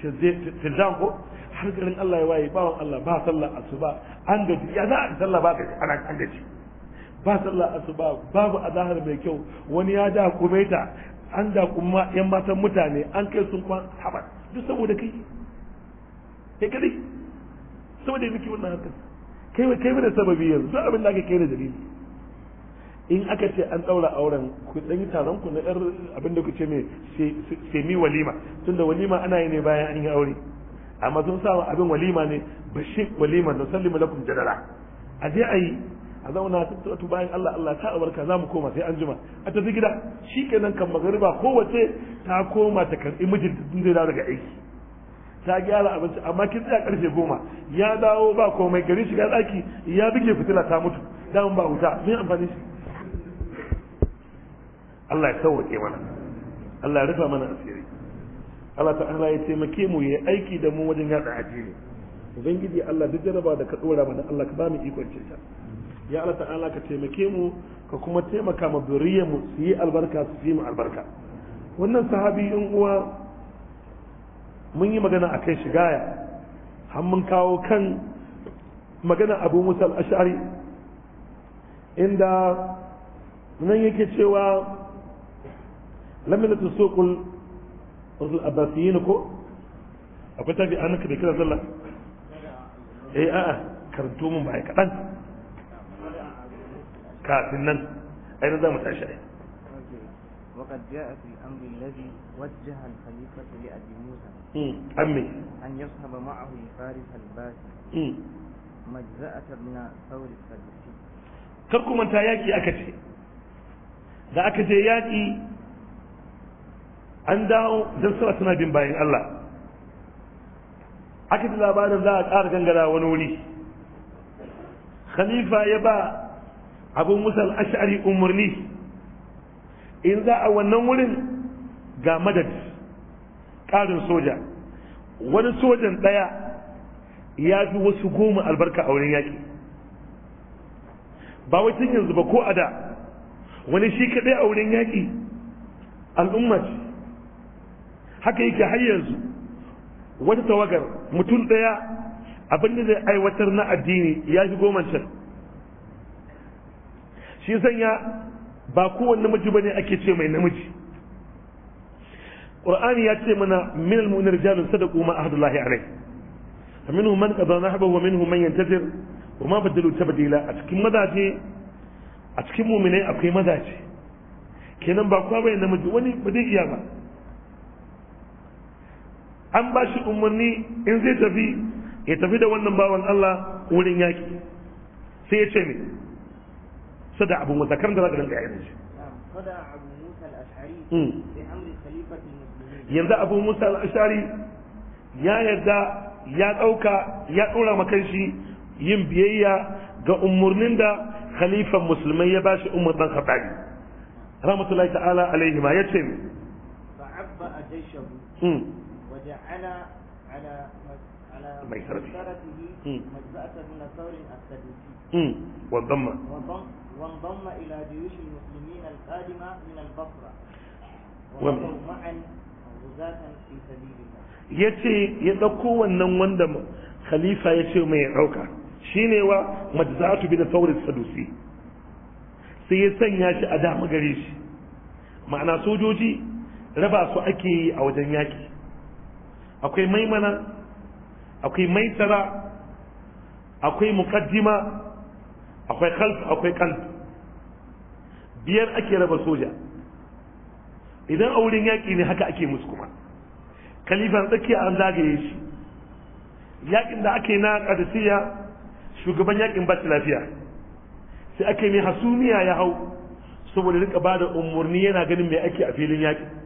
[SPEAKER 1] tildan ko har garin Allah ya waye bawan Allah ba sallah asuba an gaji ya za a sallah ba gaji ana an gaji ba sallah asuba babu azahar mai kyau wani ya da kumaita an da kuma yan matan mutane an kai sun kwan haɓar duk saboda kai kai kadai saboda ya miki wannan hakan kai kai mana sababi yanzu abin da aka kai da dalili in aka ce an ɗaura auren ku ɗan taron ku na yar abin da ku ce mai semi walima tunda walima ana yi ne bayan an yi aure amma sun sa abin walima ne bashi walima na sallimu lakum jadara a je a yi a zauna tattatu bayan Allah Allah ta abarka za mu koma sai an jima a tafi gida shi kenan kan magariba kowace ta koma ta karɓi mijin tun zai dawo daga aiki ta gyara abinci amma kin tsaya karfe goma ya dawo ba komai gari shiga tsaki ya bige fitila ta mutu dan ba wuta me amfani shi Allah ya sauwake mana Allah ya rufa mana asiri Allah ta'ala ya taimake mu ya aiki da mu wajen yada addini ubangiji Allah duk jaraba da ka dora mana Allah ka ba mu ikon cinta ya Allah ta'ala ka taimake mu ka kuma taimaka ma duriyar mu su yi albarka su yi mu albarka wannan sahabi in uwa mun yi magana akan shigaya har mun kawo kan magana abu musa al-ash'ari inda nan yake cewa laminatu suqul usul abbasiyin ko akwai tafi an ka da kira sallah eh a'a karanto mun ba kaɗan kafin nan ai za mu tashi ai
[SPEAKER 2] وقد جاء في الأمر الذي وجه الخليفة لأبي موسى أمي أن يصحب معه الفارس الباسي مجزأة من
[SPEAKER 3] ثور السدوسي
[SPEAKER 1] كركم أنت ياكي أكتي da aka je yaƙi an dawo don suna suna bin bayan Allah Ake da labarin za a ƙara gangara wani wuri khalifa ya ba abu musa al'ashari umarni in za a wannan wurin ga madadi ƙarin soja wani sojan ɗaya ya fi wasu goma albarka a wurin yaƙi ba wacin yanzu ba ko a da wani shi kaɗai a wurin yaƙi al'umma haka yake har yanzu wata tawagar mutum ɗaya abin da zai aiwatar na addini ya fi goma shi sanya ba kowane namiji bane ake ce mai namiji qur'ani ya ce mana min al rijalun sadaqu ma ahadullahi alayhi minhum man qada nahbahu wa minhum man yantazir wa ma badalu tabdila a cikin mazaje a cikin mu'minai akwai mazaje kenan ba kowa bane namiji wani ba zai iya ba an ba shi umarni in zai tafi ya tafi da wannan bawan Allah wurin yaki sai ya ce me sada abu musa kan da zaka rinka yayin shi
[SPEAKER 3] sada al
[SPEAKER 1] hmm. yanzu abu musa al ya yarda ya ɗauka ya ɗora makan shi yin biyayya ga umarnin da khalifan musulmai ya ba shi umar dan khattabi rahmatullahi ta'ala alaihima ya ce ne
[SPEAKER 2] yace
[SPEAKER 1] ya ɗauko wannan wanda khalifa ya ce mai ɗauka shi ne wa majzatu bi da saurin sadusi sai ya sanya shi a dama gare shi ma'ana sojoji raba su ake yi a wajen yaƙi akwai maimana akwai maisara akwai mukaddima akwai kalf akwai kalf biyar ake raba soja idan a yaƙi ne haka ake musu kuma kalifan tsakiya an zagaye shi yaƙin da ake na ƙadisiyya shugaban yaƙin ba lafiya sai ake mai hasumiya ya hau saboda rika ba da umarni yana ganin mai ake a filin yaƙi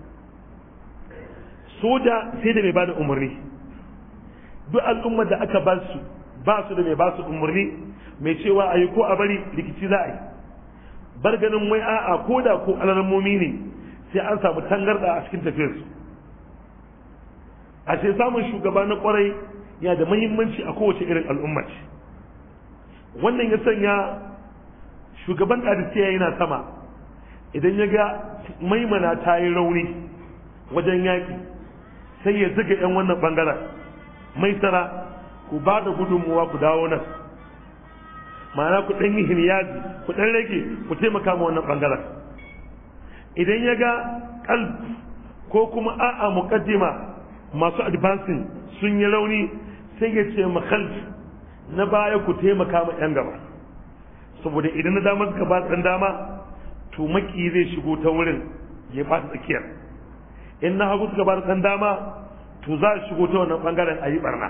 [SPEAKER 1] soja sai da mai ba da umarni duk al'ummar da aka ba su ba su da mai ba su umarni mai cewa a yi ko a bari rikici za a yi bar ganin wai a'a ko da ko momi ne sai an samu tangarda a cikin tafiyarsu a sai samun shugaba na kwarai ya da mahimmanci a kowace irin al'umma ce wannan ya sanya shugaban ƙadisiya yana sama idan ya ga maimana ta yi rauni wajen yaƙi sai ya zuga yan wannan bangaren mai tara ku ba da gudunmuwa ku dawo nan ma'ana ku ɗan yi hiniyazi ku ɗan rage ku taimaka ma wannan bangaren idan ya ga ƙalb ko kuma a'a muqaddima masu advancing sun yi rauni sai ya ce ma na baya ku taimaka ma yan gaba saboda idan na damar gaba ɗan dama to maki zai shigo ta wurin ya ba tsakiyar in na hagu suka bar san dama to za a shigo ta wannan bangaren a yi barna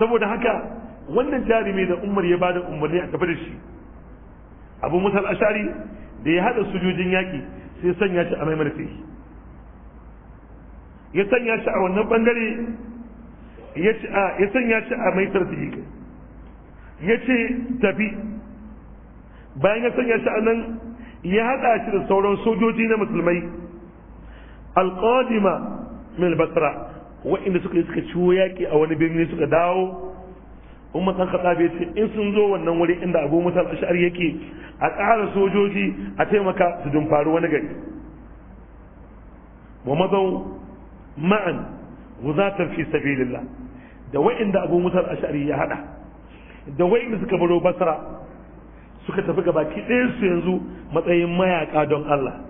[SPEAKER 1] saboda haka wannan jarumi da umar ya bada umarni a tafi da shi abu musal ashari da ya hada sojojin yaki sai sanya shi a maimarfe ya sanya shi a wannan bangare ya sanya shi a maitar da ya ce tafi bayan ya sanya shi a nan ya hada shi da sauran sojoji na musulmai alqadima min basra wa'inda suka suka ciwo yaki a wani birni suka dawo umma san kada bai ce in sun zo wannan wuri inda abu musal ashar yake a ƙara sojoji a taimaka su dumfaru wani gari wa mazau ma'an guzatan fi sabilillah da wa'inda abu musal ashar ya haɗa da wa'inda suka baro basra suka tafi gabaki ɗaya su yanzu matsayin mayaƙa don Allah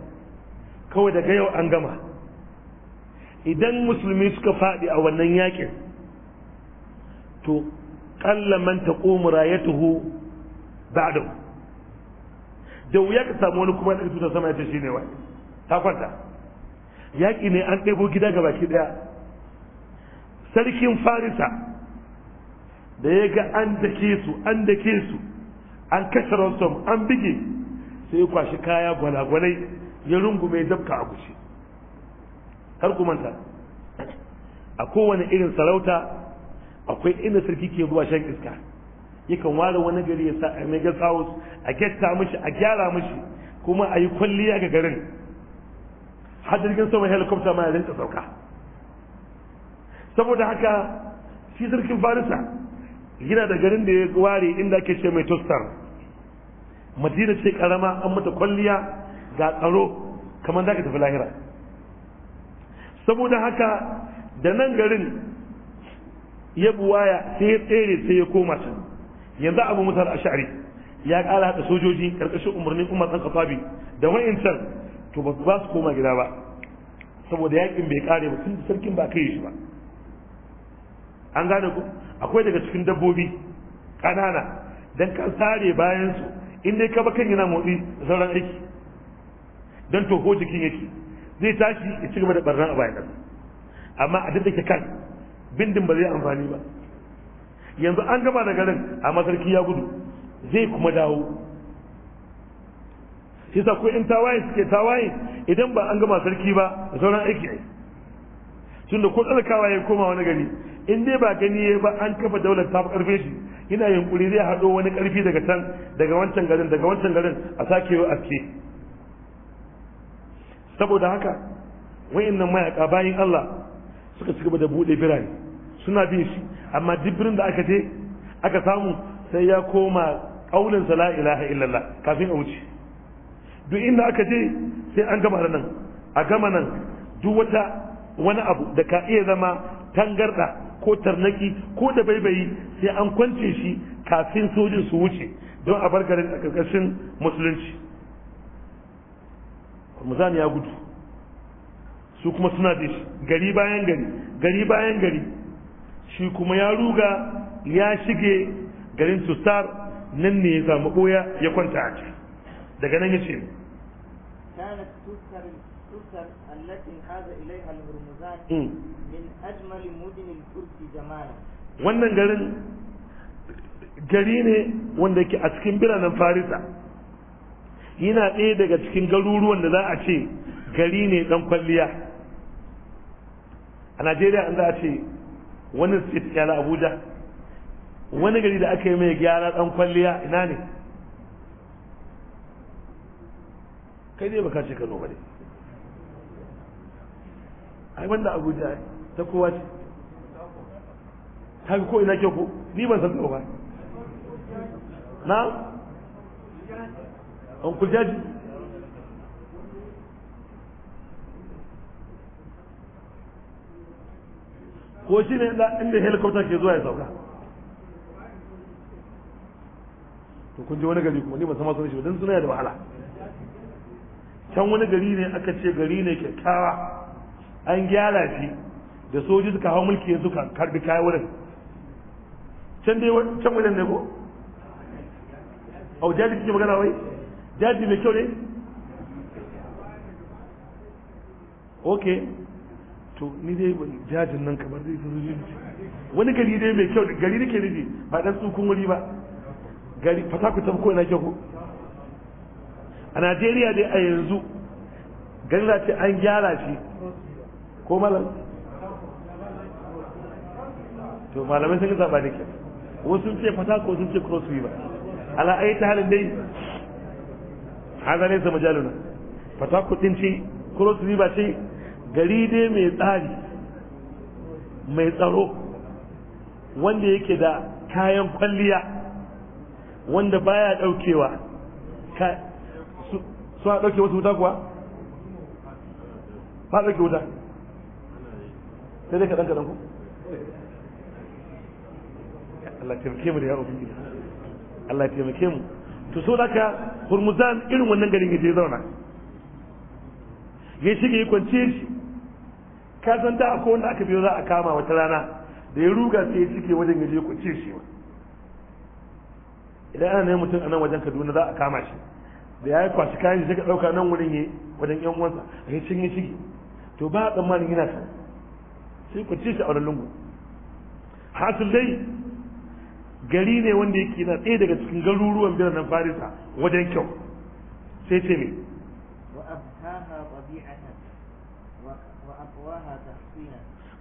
[SPEAKER 1] kawai daga yau an gama idan musulmi suka faɗi a wannan yakin to ƙalla man ta ƙomura ya tuho ba da wuya ka samu wani kuma ɗarfi ta sama ya ce shi ne wa ta kwanta yaƙi ne an ɗebo gida ga baki ɗaya sarkin farisa da ya ga an da ke su an da ke su an kashe ransom an bige sai kwashi kaya gwalagwalai ya rungume dabka a kushe har ku manta a kowane irin sarauta akwai inda sarki ke zuwa shan iska yakan ware wani gari ya sa a mega house a getta mishi a gyara mishi kuma a yi kwalliya ga garin har jirgin sama helicopter ma ya rinka sauka saboda haka shi sarkin farisa yana da garin da ya ware inda ake ce mai tostar madina ce karama an mata kwalliya ga tsaro kamar za ka tafi lahira saboda haka da nan garin ya buwaya sai ya tsere sai ya koma can yanzu abu mutar sha'ari ya kara haɗa sojoji ƙarƙashin umarnin umar ɗan kafabi da wa'incan to ba su koma gida ba saboda yakin bai kare ba sun sarkin ba kai shi ba an gane ku akwai daga cikin dabbobi ƙanana dan ka sare bayan su in dai ka yana motsi da sauran aiki don toho jikin yake zai tashi ya ci gaba da barna a bayan ƙasa amma a ke kan bindin ba zai amfani ba yanzu an gama da garin a masarki ya gudu zai kuma dawo shi sa ko in tawaye suke tawaye idan ba an gama sarki ba da sauran aiki ne tunda ko tsarkawa ya koma wani gari in dai ba gani ya ba an kafa daular ta karfe shi yana yunkuri zai haɗo wani karfi daga can daga wancan garin daga wancan garin a sake a ce saboda haka wayannan mayaka bayin Allah suka cigaba da bude birane suna bin shi amma duk birnin da aka je aka samu sai ya koma kaulin sa la ilaha illallah kafin a wuce duk inda aka je sai an gama nan a gama nan duk wata wani abu da ka iya zama tangarda ko tarnaki ko da baibayi sai an kwance shi kafin sojin su wuce don a bar garin a ƙarƙashin musulunci ramazan ya gudu su kuma suna da shi gari bayan gari gari bayan gari shi kuma ya ruga ya shige garin tutar nan ne ya zama boya ya kwanta a ciki daga nan ya ce wannan garin gari ne wanda yake a cikin biranen farisa yana ɗaya daga cikin garuruwan da za a ce gari ne ɗan kwalliya a najeriya an za a ce wani state yana abuja wani gari da aka yi mai gyara ɗan kwalliya ina ne kai ne baka ce kano ba ne ai wanda abuja ta kowa ce ta ko ina ke ko ni ban san ba
[SPEAKER 3] na uncle ko shi ne inda helicopter
[SPEAKER 1] ke zuwa ya sauka to kun ji wani gari kuma ni ba sama sun shi don suna da wahala can wani gari ne aka ce gari ne kyakkyawa an gyara shi da soji suka hau mulki yanzu ka karbi kayan wurin can dai can wurin ne ko au jaji kike magana wai Jaji mai kyau ne ok to ni dai ban jajin nan kamar zai zuru zuci wani gari dai mai kyau gari nake nufi ba dan tsukun wuri ba gari fataku ta ko ina kyau a najeriya dai a yanzu gari za ce an gyara shi ko malam
[SPEAKER 3] to malamai sun zaɓa
[SPEAKER 1] da kyau wasu sun ce fatako sun ce cross river ala ayi ta halin dai haza ne sama jaluna fata kudin ce su riba ce gari dai mai tsari mai tsaro wanda yake da kayan kwalliya wanda baya daukewa su a dauke wasu wuta kuwa ba dauke wuta sai dai kaɗan kaɗan ku Allah taimake mu da yaro Allah taimake mu to so daga hurmuzan irin wannan garin ya zauna ya shiga ya kwance shi ka san da akwai wanda aka biyo za a kama wata rana da ya ruga sai ya wajen ya je ya kwance shi ba idan ana ne mutum a nan wajen kaduna za a kama shi da ya yi kwashi kayan shi ka ɗauka nan wurin ya wajen yan uwansa a cin ya shige to ba a tsammanin yana sau sai kwance shi a wani lungu hasil dai gari ne wanda yake na ɗaya daga cikin garuruwan nan farisa wajen kyau sai ce me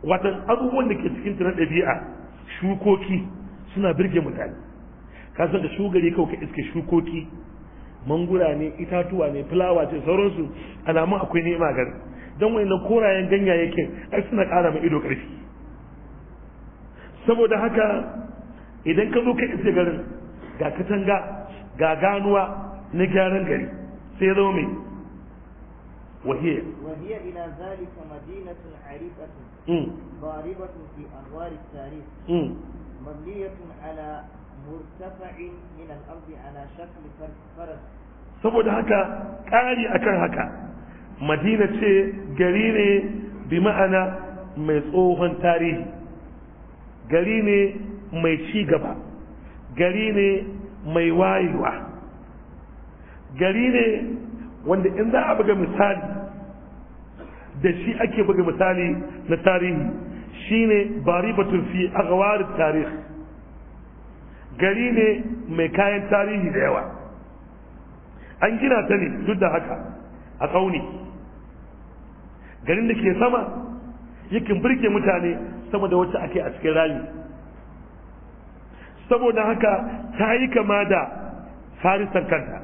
[SPEAKER 1] watan abubuwan da ke cikin tunan ɗabi'a shukoki suna birge mutane ka san da shugari kawai ka iske shukoki mangura ne itatuwa ne fulawa ce sauransu alamun akwai nema gari don wani na korayen ganyayyakin ai suna ƙara mai ido ƙarfi saboda haka idan ka zo ka isa garin ga katanga ga ganuwa na gyaran gari sai zo mai وهي
[SPEAKER 2] وهي إلى ذلك مدينة عريقة ضاربة في أنوار التاريخ مبنية على مرتفع من الأرض على شكل
[SPEAKER 3] فرس
[SPEAKER 1] saboda haka ƙari akan haka madina ce gari ne bi ma'ana mai tsohon tarihi gari ne mai ci gaba gari ne mai wayewa gari ne wanda in za a buga misali da shi ake buga misali na tarihi shi ne shine batun fi aghwar tarihi gari ne mai kayan tarihi da yawa an gina ta ne duk da haka a tsauni garin da ke sama yakin birke mutane sama da wacce ake a cikin rayu saboda haka ta yi kama da harisan kanta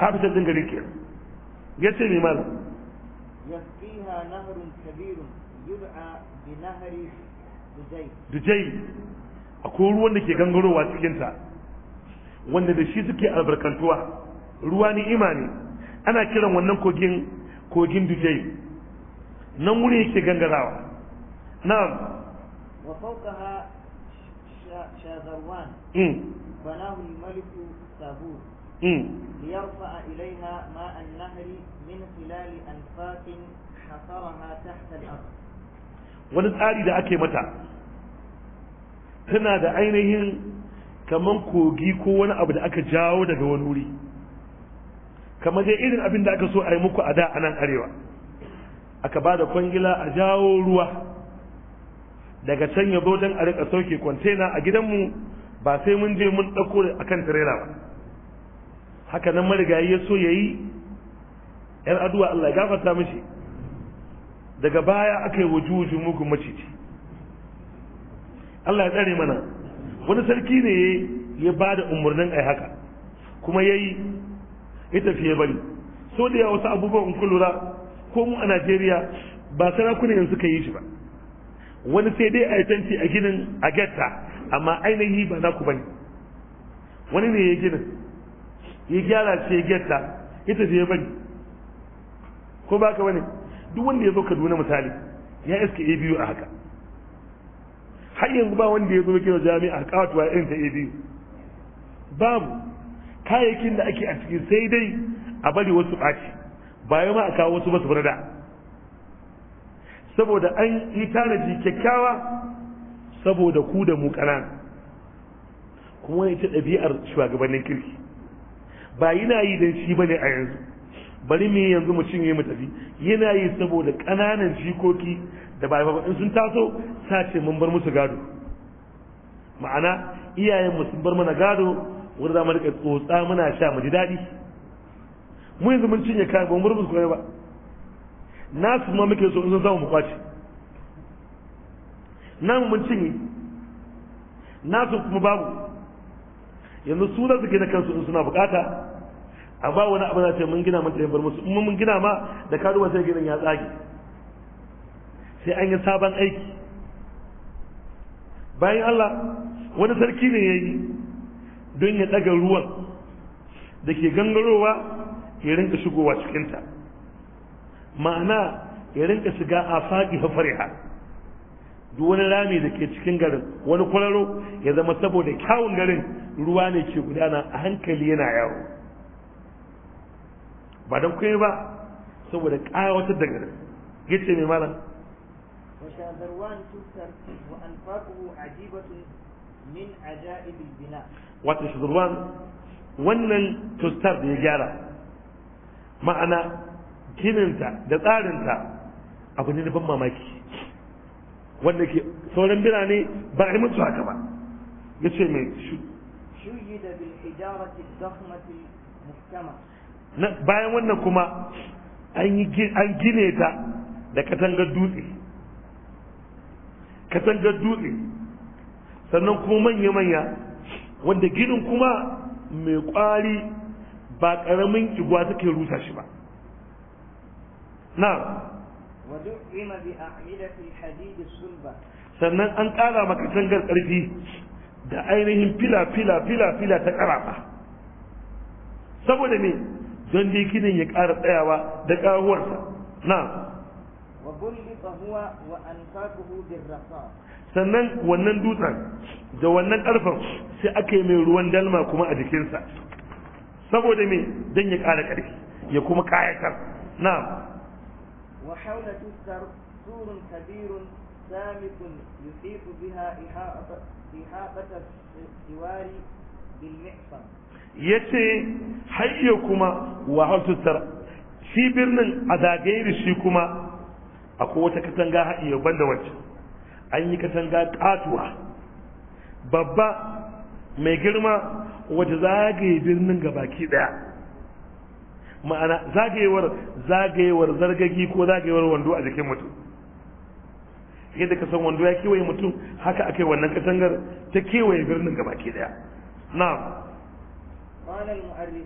[SPEAKER 1] harisan din gari ke ya ce mai malam
[SPEAKER 2] yasqiha nahrun kabirun yud'a bi nahri dujai
[SPEAKER 1] dujai akwai ruwan da ke gangarowa cikinta wanda da shi suke albarkantuwa ruwa ni'ima ne ana kiran wannan kogin kogin dujai nan wuri yake gangarawa na
[SPEAKER 2] wa fawqaha شاذروان بناه الملك ليرفع إليها ماء النهر من خلال أنفاق
[SPEAKER 3] حصرها تحت الأرض
[SPEAKER 1] wani tsari da ake mata tana da ainihin kaman kogi ko wani abu da aka jawo daga wani wuri kamar dai irin abin da aka so a yi muku a da a nan arewa aka ba da kwangila a jawo ruwa daga can ya zo don a rika sauke kwantena a gidanmu ba sai mun je mun ɗauko a kan tirela ba haka nan marigayi ya so ya yi ‘yan addu'a Allah ya gafarta mishi daga baya aka yi wa juju mugun maciji Allah ya tsare mana wani sarki ne ya ba da umarnin ai haka kuma ya yi ya fiye bari so da ya wasu abubuwan kulura ko mu a Najeriya ba sarakuna yanzu ka yi shi ba wani sai dai a yi tanti a ginin a getta amma ainihi ba na ku bane wani ne ya ginin ya gyara ce getta ita da ya bari ko ba ka bane duk wanda ya zo kaduna misali ya iska a biyu a haka har yanzu ba wanda ya zo kira jami'a a kawatuwa irin ta a babu kayayyakin da ake a cikin sai dai a bari wasu ɓaci ba ma a kawo wasu ba su da saboda an yi tanaji kyakkyawa saboda ku da mu kanana kuma wani ita ɗabi'ar shugabannin kirki ba yana yi don shi bane a yanzu bari mu yanzu mu cinye mu tafi yana yi saboda kananan jikoki da ba in sun taso sace mun bar musu gado ma'ana iyayen mu sun bar mana gado wanda za mu rika tsotsa muna sha mu ji daɗi mu yanzu mun cinye kayan ba bar ba nasu ma muke so in sun samu mu kwace nan mun cinye nasu kuma babu yanzu su da suke da kansu in suna bukata a ba wani abu na ce mun gina mun bar musu kuma mun gina ma da karuwa sai gidan ya tsage sai an yi sabon aiki bayan Allah wani sarki ne yayi don ya ɗaga ruwan da ke gangarowa ya rinka shigowa cikinta ma'ana ya rinka shiga a faɗi fariha duk wani rami da ke cikin garin wani kwararo ya zama saboda kyawun garin ruwa ne ke gudana a hankali yana yawo ba don kuma ba saboda ƙawatar da garin yace mai malam wata تذكر وأنفاقه wannan tustar da ya gyara ma'ana kininta da tsarinta abu ne na ban mamaki wanda ke sauran birane ba a yi mutu haka ba ya ce mai bayan wannan kuma an gine ta da katangar dutse katangar dutse sannan kuma manya-manya wanda ginin kuma mai kwari ba ƙaramin igwa take rusa shi ba نعم
[SPEAKER 2] wa du'ima bi a'midati hadid أنت sannan an kara maka دعينهم
[SPEAKER 1] karfi da ainihin fila fila ta كنين saboda me don likinin ya وبلط tsayawa da karuwarsa sannan wannan dutsen da wannan karfan sai aka yi mai ruwan dalma kuma a jikinsa saboda me don ya ƙara ƙarfi ya kuma ƙayatar Na.
[SPEAKER 2] وحول تذكر سور كبير سامك يحيط بها إحاطة, إحاطة السوار بالمحصن yace hayya
[SPEAKER 1] kuma wa haltuttar shi birnin a zagaye shi kuma akwai wata katanga ha'iya banda wacce an yi katanga katuwa babba mai girma wata zagaye birnin ga baki daya ma'ana zagayewar zagayewar zargagi ko zagayewar wando a jikin mutum yadda ka san wando ya kewaye mutum haka akai wannan katangar ta kewaye birnin gaba ke daya na'am
[SPEAKER 2] anhu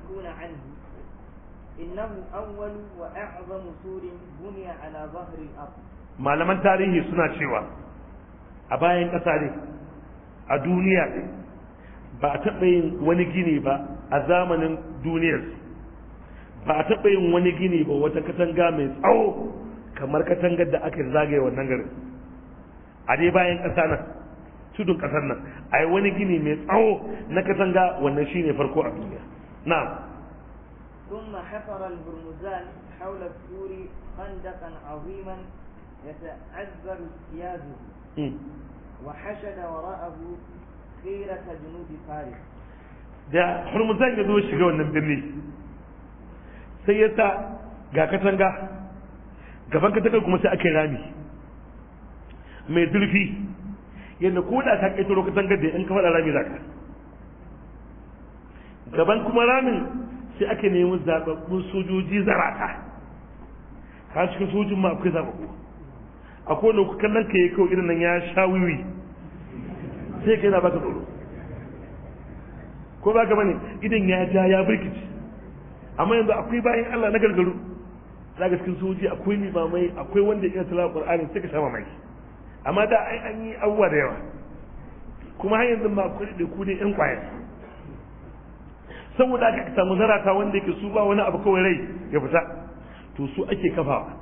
[SPEAKER 2] innahu عنه wa أول surin سور ala zahri al الأرض
[SPEAKER 1] malaman tarihi suna cewa a bayan ƙasa ne a duniya ne ba a taɓa yin wani gini ba a zamanin duniyarsu ba a taɓa yin wani gini ba wata katanga mai tsawo kamar katangar da aka zagaye wannan garin a dai bayan ƙasa nan tudun ƙasar nan a yi wani gini mai tsawo na katanga wannan ne farko a duniya na
[SPEAKER 2] ثم حفر البرمزان حول السور خندقا عظيما يتعذر سياده وحشد وراءه خيرة جنود فارس
[SPEAKER 1] da hurmuzan ya zo shiga wannan birni sai ya sa ga katanga gaban katangar kuma sai aka yi rami mai zurfi yadda ko da ka ƙetaro katangar da ya ka faɗa rami za ka gaban kuma ramin sai ake nemi zaɓaɓɓun sojoji zarata ka cikin sojin ma akwai zaɓaɓɓu a kowane kallon ka yi kawai irin nan ya sha wiwi sai ka yana baka tsoro ko ba ka mani idan ya ja ya birkici amma yanzu akwai bayan Allah na gargaru za ga cikin soji akwai limamai akwai wanda ya tilawa Qur'ani sai ka sama mai amma da ai an yi awwa da yawa kuma har yanzu ma akwai da ku da yan kwaya saboda ka samu zarata wanda yake su ba wani abu kawai rai ya fita to su ake kafawa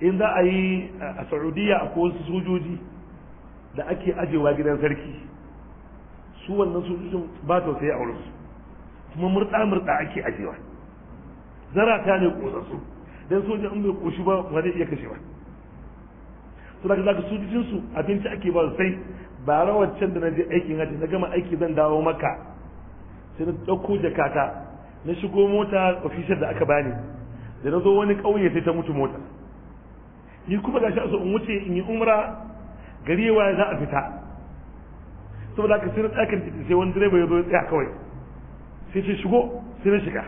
[SPEAKER 1] in za a yi a Saudiya akwai wasu sojoji da ake ajewa gidan sarki su wannan sojojin ba tausayi a wurinsu kuma murɗa murɗa ake ajewa zarata ne kosassu dan soja in bai koshi ba ba zai iya kashe ba su da su sojojin su abinci ake ba sai ba rawar can da na je aikin hajji na gama aiki zan dawo maka sai na ɗauko jakata na shigo mota ofishar da aka bani da na zo wani ƙauye sai ta mutu mota ni kuma gashi a so in wuce in yi umra gari za a fita saboda haka sai na tsakin titi sai wani direba ya zo ya tsaya kawai sai ce shigo sai na shiga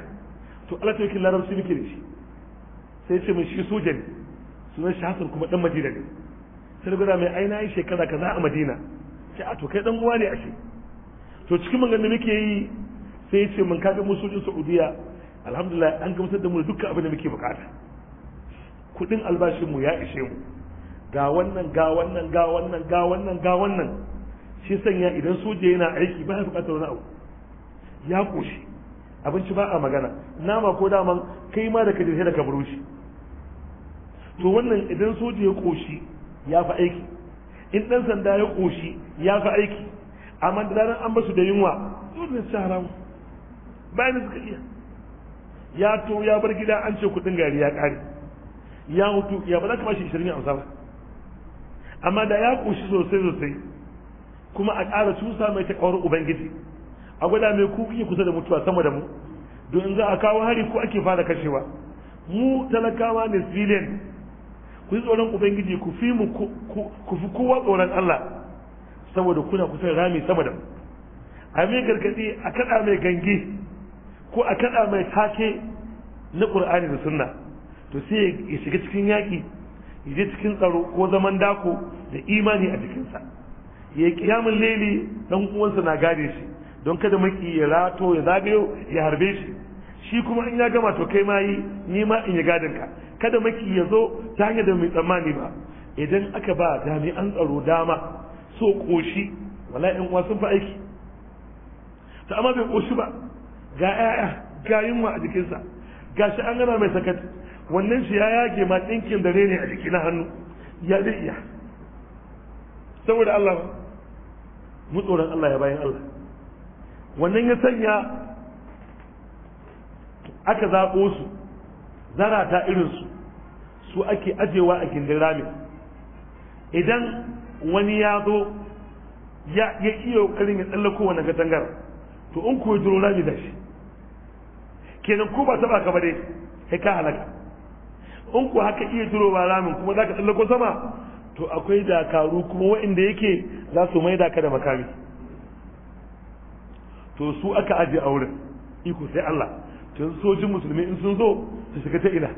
[SPEAKER 1] to Allah ta yake larabci muke da shi sai ce mai shi soja ne sunan shi kuma dan Madina ne sai da gwada mai aina yi shekara kaza a Madina ce a to kai dan uwa ne ashe to cikin magan da muke yi sai ya ce mun kaga mu sojin Saudiya alhamdulillah an gamsar da mu dukkan abin da muke bukata kudin albashin mu ya ishe mu ga wannan ga wannan ga wannan ga wannan ga wannan shi sanya idan soja yana aiki ba ya bukatar wani abu ya koshi abinci ba a magana nama ko daman kai ma da ka jirhe da ka buru shi to wannan idan soja ya koshi ya fi aiki in dan sanda ya koshi ya fi aiki amma da ranar an basu da yunwa dole su haram bayan suka iya ya to ya bar gida an ce kudin gari ya kare ya mutu ya ba za ka bashi shirin amsa ba amma da ya koshi sosai sosai kuma a ƙara cusa mai ta ubangiji a gwada mai kuki kusa da mutuwa sama da mu don in za a kawo hari ko ake fara kashewa mu talakawa ne zilin ku yi tsoron ubangiji ku fi mu ku fi kowa tsoron Allah saboda kuna kusa rami sama da mu a mai gargadi a kada mai gange ko a kada mai take na ƙur'ani da sunna to sai ya shiga cikin yaki ya je cikin tsaro ko zaman dako da imani a jikinsa ya yi kiyamun leli dan uwansa na gade shi don kada maki ya rato ya zagayo ya harbe shi shi kuma in ya gama to kai ma yi ni ma in ya gadin ka kada maki ya zo ta hanyar da mai tsammani ba idan aka ba jami'an tsaro dama so koshi wala yan uwa sun fa aiki ta amma bai koshi ba ga yaya ga yunwa a jikinsa ga shi an gana mai sakat wannan shi ya yage ma ɗinkin dare ne a jiki na hannu ya zai iya saboda Allah mu tsoron Allah ya bayan Allah wannan ya sanya aka zaɓo su zarata irinsu su ake ajewa a gindin ramin idan wani ya zo ya iya ƙoƙarin ya tsallako wani katangar to in koyi jiro rami da shi kenan ku ba saba ka ba sai ka halaka in kuwa haka iya ba ramin kuma za ka tsallako sama to akwai dakaru kuma waɗanda yake za su maida ka da makami to su aka aje a wurin iko sai Allah to sojin musulmi in sun zo su shiga ta ila.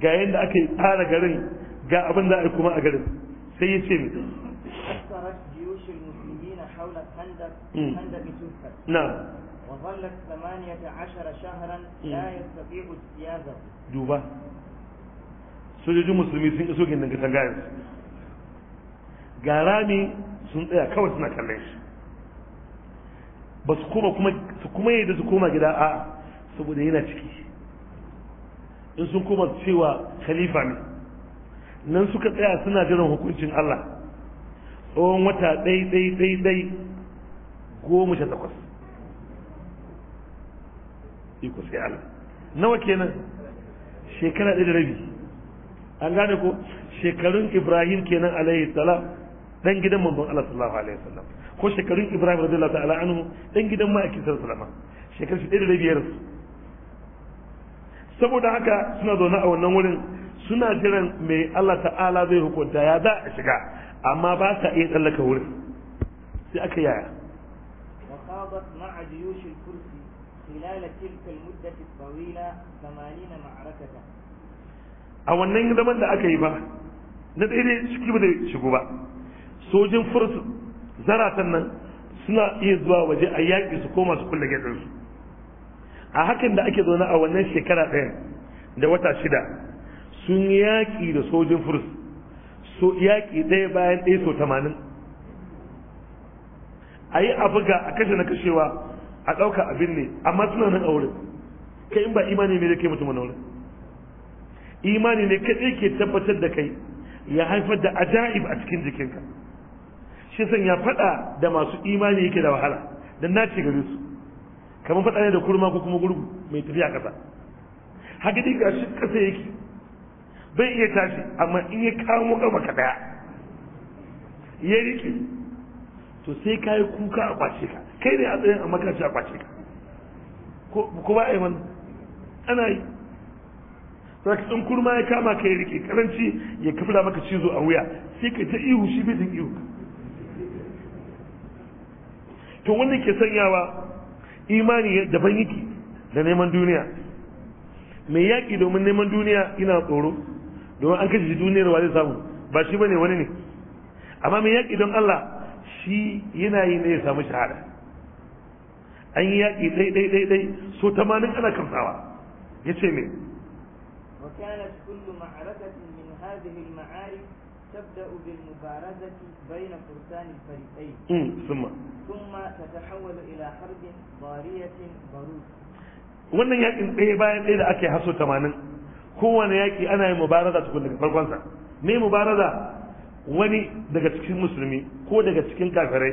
[SPEAKER 1] ga yadda aka yi tsara garin ga abin da a kuma a garin sai ya ce
[SPEAKER 2] hmm. na وظلت
[SPEAKER 1] sojojin musulmi sun iso gindin katangayensu ga rami sun tsaya kawai suna kallon shi ba su koma kuma su kuma yadda su koma gida a'a saboda yana ciki in sun koma cewa khalifa ne nan suka tsaya suna jiran hukuncin Allah tsawon wata ɗai ɗai ɗai ɗai goma sha takwas iko sai Allah nawa kenan shekara ɗaya da rabi an gane ko shekarun Ibrahim kenan alaihi salam dan gidan manzon Allah sallallahu alaihi wasallam ko shekarun Ibrahim radiyallahu ta'ala anhu dan gidan ma'aikin sallallahu shekar shi ɗaya da biyar saboda haka suna zaune a wannan wurin suna jiran mai Allah ta'ala zai hukunta ya za a shiga amma ba sa iya tsallaka wurin sai aka yaya
[SPEAKER 2] وخاضت مع جيوش الفرس خلال تلك المدة الطويلة ثمانين معركة
[SPEAKER 1] a wannan zaman da aka yi ba na daidai shi ba shigo ba sojin furs zaratan nan suna iya zuwa waje a yaƙi su koma su kulle gidansu a hakan da ake zaune a wannan shekara ɗaya da wata shida sun yaƙi da sojin furs so yaƙi ɗaya bayan ɗaya so tamanin a yi a buga a kashe na kashewa a ɗauka abin ne amma suna nan a wurin kai in ba imani ne da kai mutum wani imani ne kaɗai ke tabbatar da kai ya haifar da ajaib a cikin jikinka shi san ya faɗa da masu imani yake da wahala dan nace gare su kamar faɗa ne da kurma ko kuma gurgu mai tafiya ƙasa haka dai ga shi ƙasa yake bai iya tashi amma in ya kamo ƙarfa ka ɗaya ya riƙe to sai ka yi kuka a kwace ka kai ne a tsayin amma ka a kwace ka ko ba a yi wannan ana yi saka in kurma ya kama ka ya riƙe karanci ya kafira maka cizo a wuya sai ka ta ihu shi bai ihu to wanda ke sanyawa imani daban yake da neman duniya mai yaƙi domin neman duniya ina tsoro domin an kashe duniyar wa zai samu ba shi bane wani ne amma mai yaƙi don Allah shi yana yi ne ya samu shahada an yi yaƙi ɗai ɗai ɗai ɗai so tamanin ana kamsawa ya ce me
[SPEAKER 2] تبدأ بالمبارزة بين فرسان الفريقين ثم ثم تتحول إلى حرب ضارية ضروس
[SPEAKER 1] wannan yakin ɗaya bayan ɗaya da ake haso tamanin kowane yaki ana yin mubaraza tukun daga farkonsa me mubaraza wani daga cikin musulmi ko daga cikin kafirai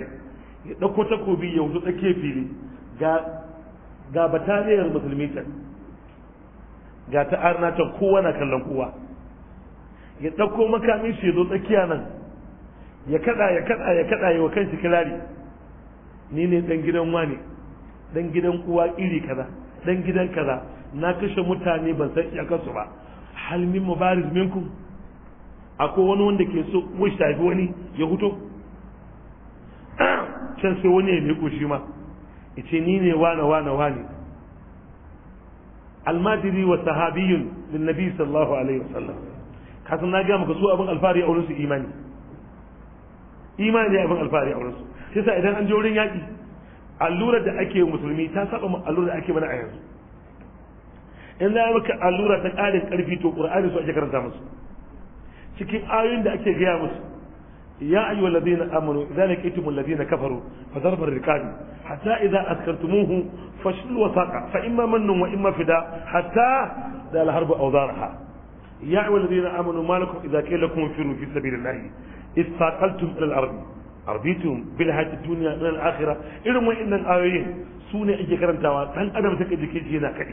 [SPEAKER 1] ya ɗauko takobi ya wuce tsakiyar fili ga ga bataliyar musulmi can ga ta arna can kowa na kallon kowa ya ɗauko makamin shi ya zo tsakiya nan ya kaɗa ya kaɗa ya kaɗa ya wa kanshi kirari ni ne ɗan gidan wani ɗan gidan uwa iri kaza ɗan gidan kaza na kashe mutane ban san iyakarsu ba hal min mubariz minkum akwai wani wanda ke so wish tafi wani ya huto can sai wani ya miko shi ma ice ni ne wane wane wane Almadiri wa sahabiyun lin nabi sallallahu alaihi wasallam kasan na gaya maka su abin alfahari a wurin su imani imani ne abin alfahari a wurin su shi sa idan an je wurin yaƙi allurar da ake musulmi ta saba mu allurar da ake mana a yanzu in na maka allura ta ƙarin ƙarfi to ƙur'ani su ake karanta musu cikin ayoyin da ake gaya musu ya ayu alladhina amanu idza laqitum alladhina kafaru fa darba ar-riqab hatta idza askartumuhu fashlu wasaqa fa imma mannun wa imma fida hatta da al-harbu awzaraha ya ayyuhal ladina amanu malakum idza qila lakum firu fi sabilillahi istaqaltum ila al-ard arbitum bil hayati dunya min al-akhirah irin wa'annan ayoyi su ne ake karantawa dan adam take jikin shi yana kadi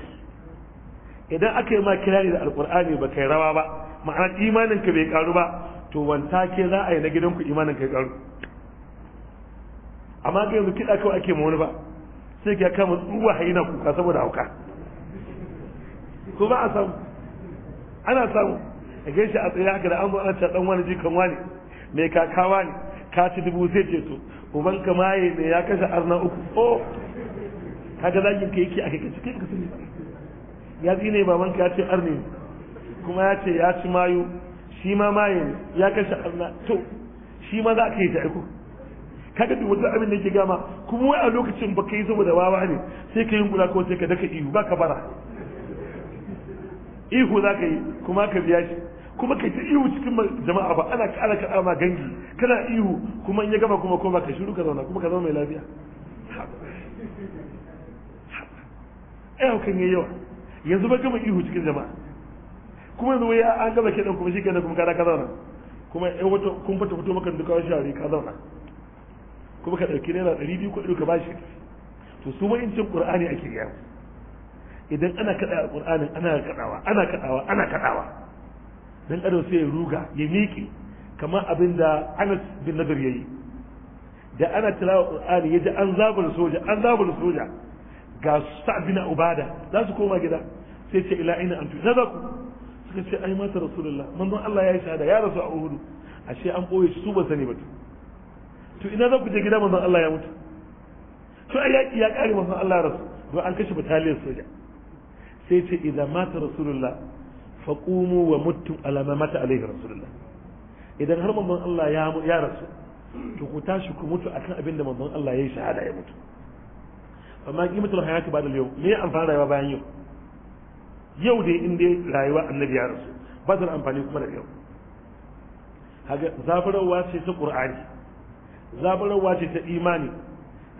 [SPEAKER 1] idan aka yi ma kirari da alkur'ani ba kai rawa ba ma'ana imanin ka bai karu ba to wanta ke za a yi na gidanku imanin ka ya amma ga yanzu kiɗa kawai ake ma wani ba sai ka kama tsuwa haina kuka saboda hauka ko ana samu a gaishe a tsaye haka da an zo ana ta dan wani jikan wani mai kakawa ne ka ci dubu zai ce su uban ka maye ne ya kashe arna uku o oh! kaga zagin ka yake a kai kace kai ka sani ya ne baban ka ya ce arne kuma ya ce ya ci mayu shi ma maye ne ya kashe arna to shi ma za ka yi ta aiko kaga duk wata abin da yake gama kuma wai a lokacin baka yi saboda wawa ne sai ka yi gura ko sai ka daka iyu ba ka bara ihu za ka yi kuma ka biya shi kuma ka ta ihu cikin jama'a ba ana ka alaka ama gangi kana ihu kuma in ya gaba kuma kuma ka shiru ka zauna kuma ka zama mai lafiya
[SPEAKER 3] ai haukan yayi yawa
[SPEAKER 1] yanzu ba gama ihu cikin jama'a kuma yanzu wai an gama kenan kuma shi kenan kuma ka ka zauna kuma ai wato kun fata fito maka duka shari ka zauna kuma ka dauki naira 200 ko ka bashi to su ma in cin qur'ani ake yi idan ana kada a ana kadawa ana kadawa ana kadawa dan adam sai ya ruga ya miƙe kamar abin da Anas bin Nadir yayi da ana tilawa qur'ani yaji an zabul soja an zabul soja ga sa'bina Ubada za su koma gida sai ce ila ina antu na zaku suka ce ai mata rasulullah manzon Allah ya yi shahada ya rasu a Uhud ashe an boye su ba sani ba to ina za ku je gida manzon Allah ya mutu to ai ya kare manzon Allah rasu don an kashe bataliyar soja sai ce idza mata rasulullah fa qumu wa muttu ala ma mata alayhi rasulullah idan har manzon Allah ya ya rasu to ku tashi ku mutu akan abinda manzon Allah ya yi shahada ya mutu amma qimatul hayati ba da yau me ya amfani rayuwa bayan yau yau dai in dai rayuwa annabi ya rasu ba da amfani kuma da yau haga ce ta qur'ani zaburarwa ce ta imani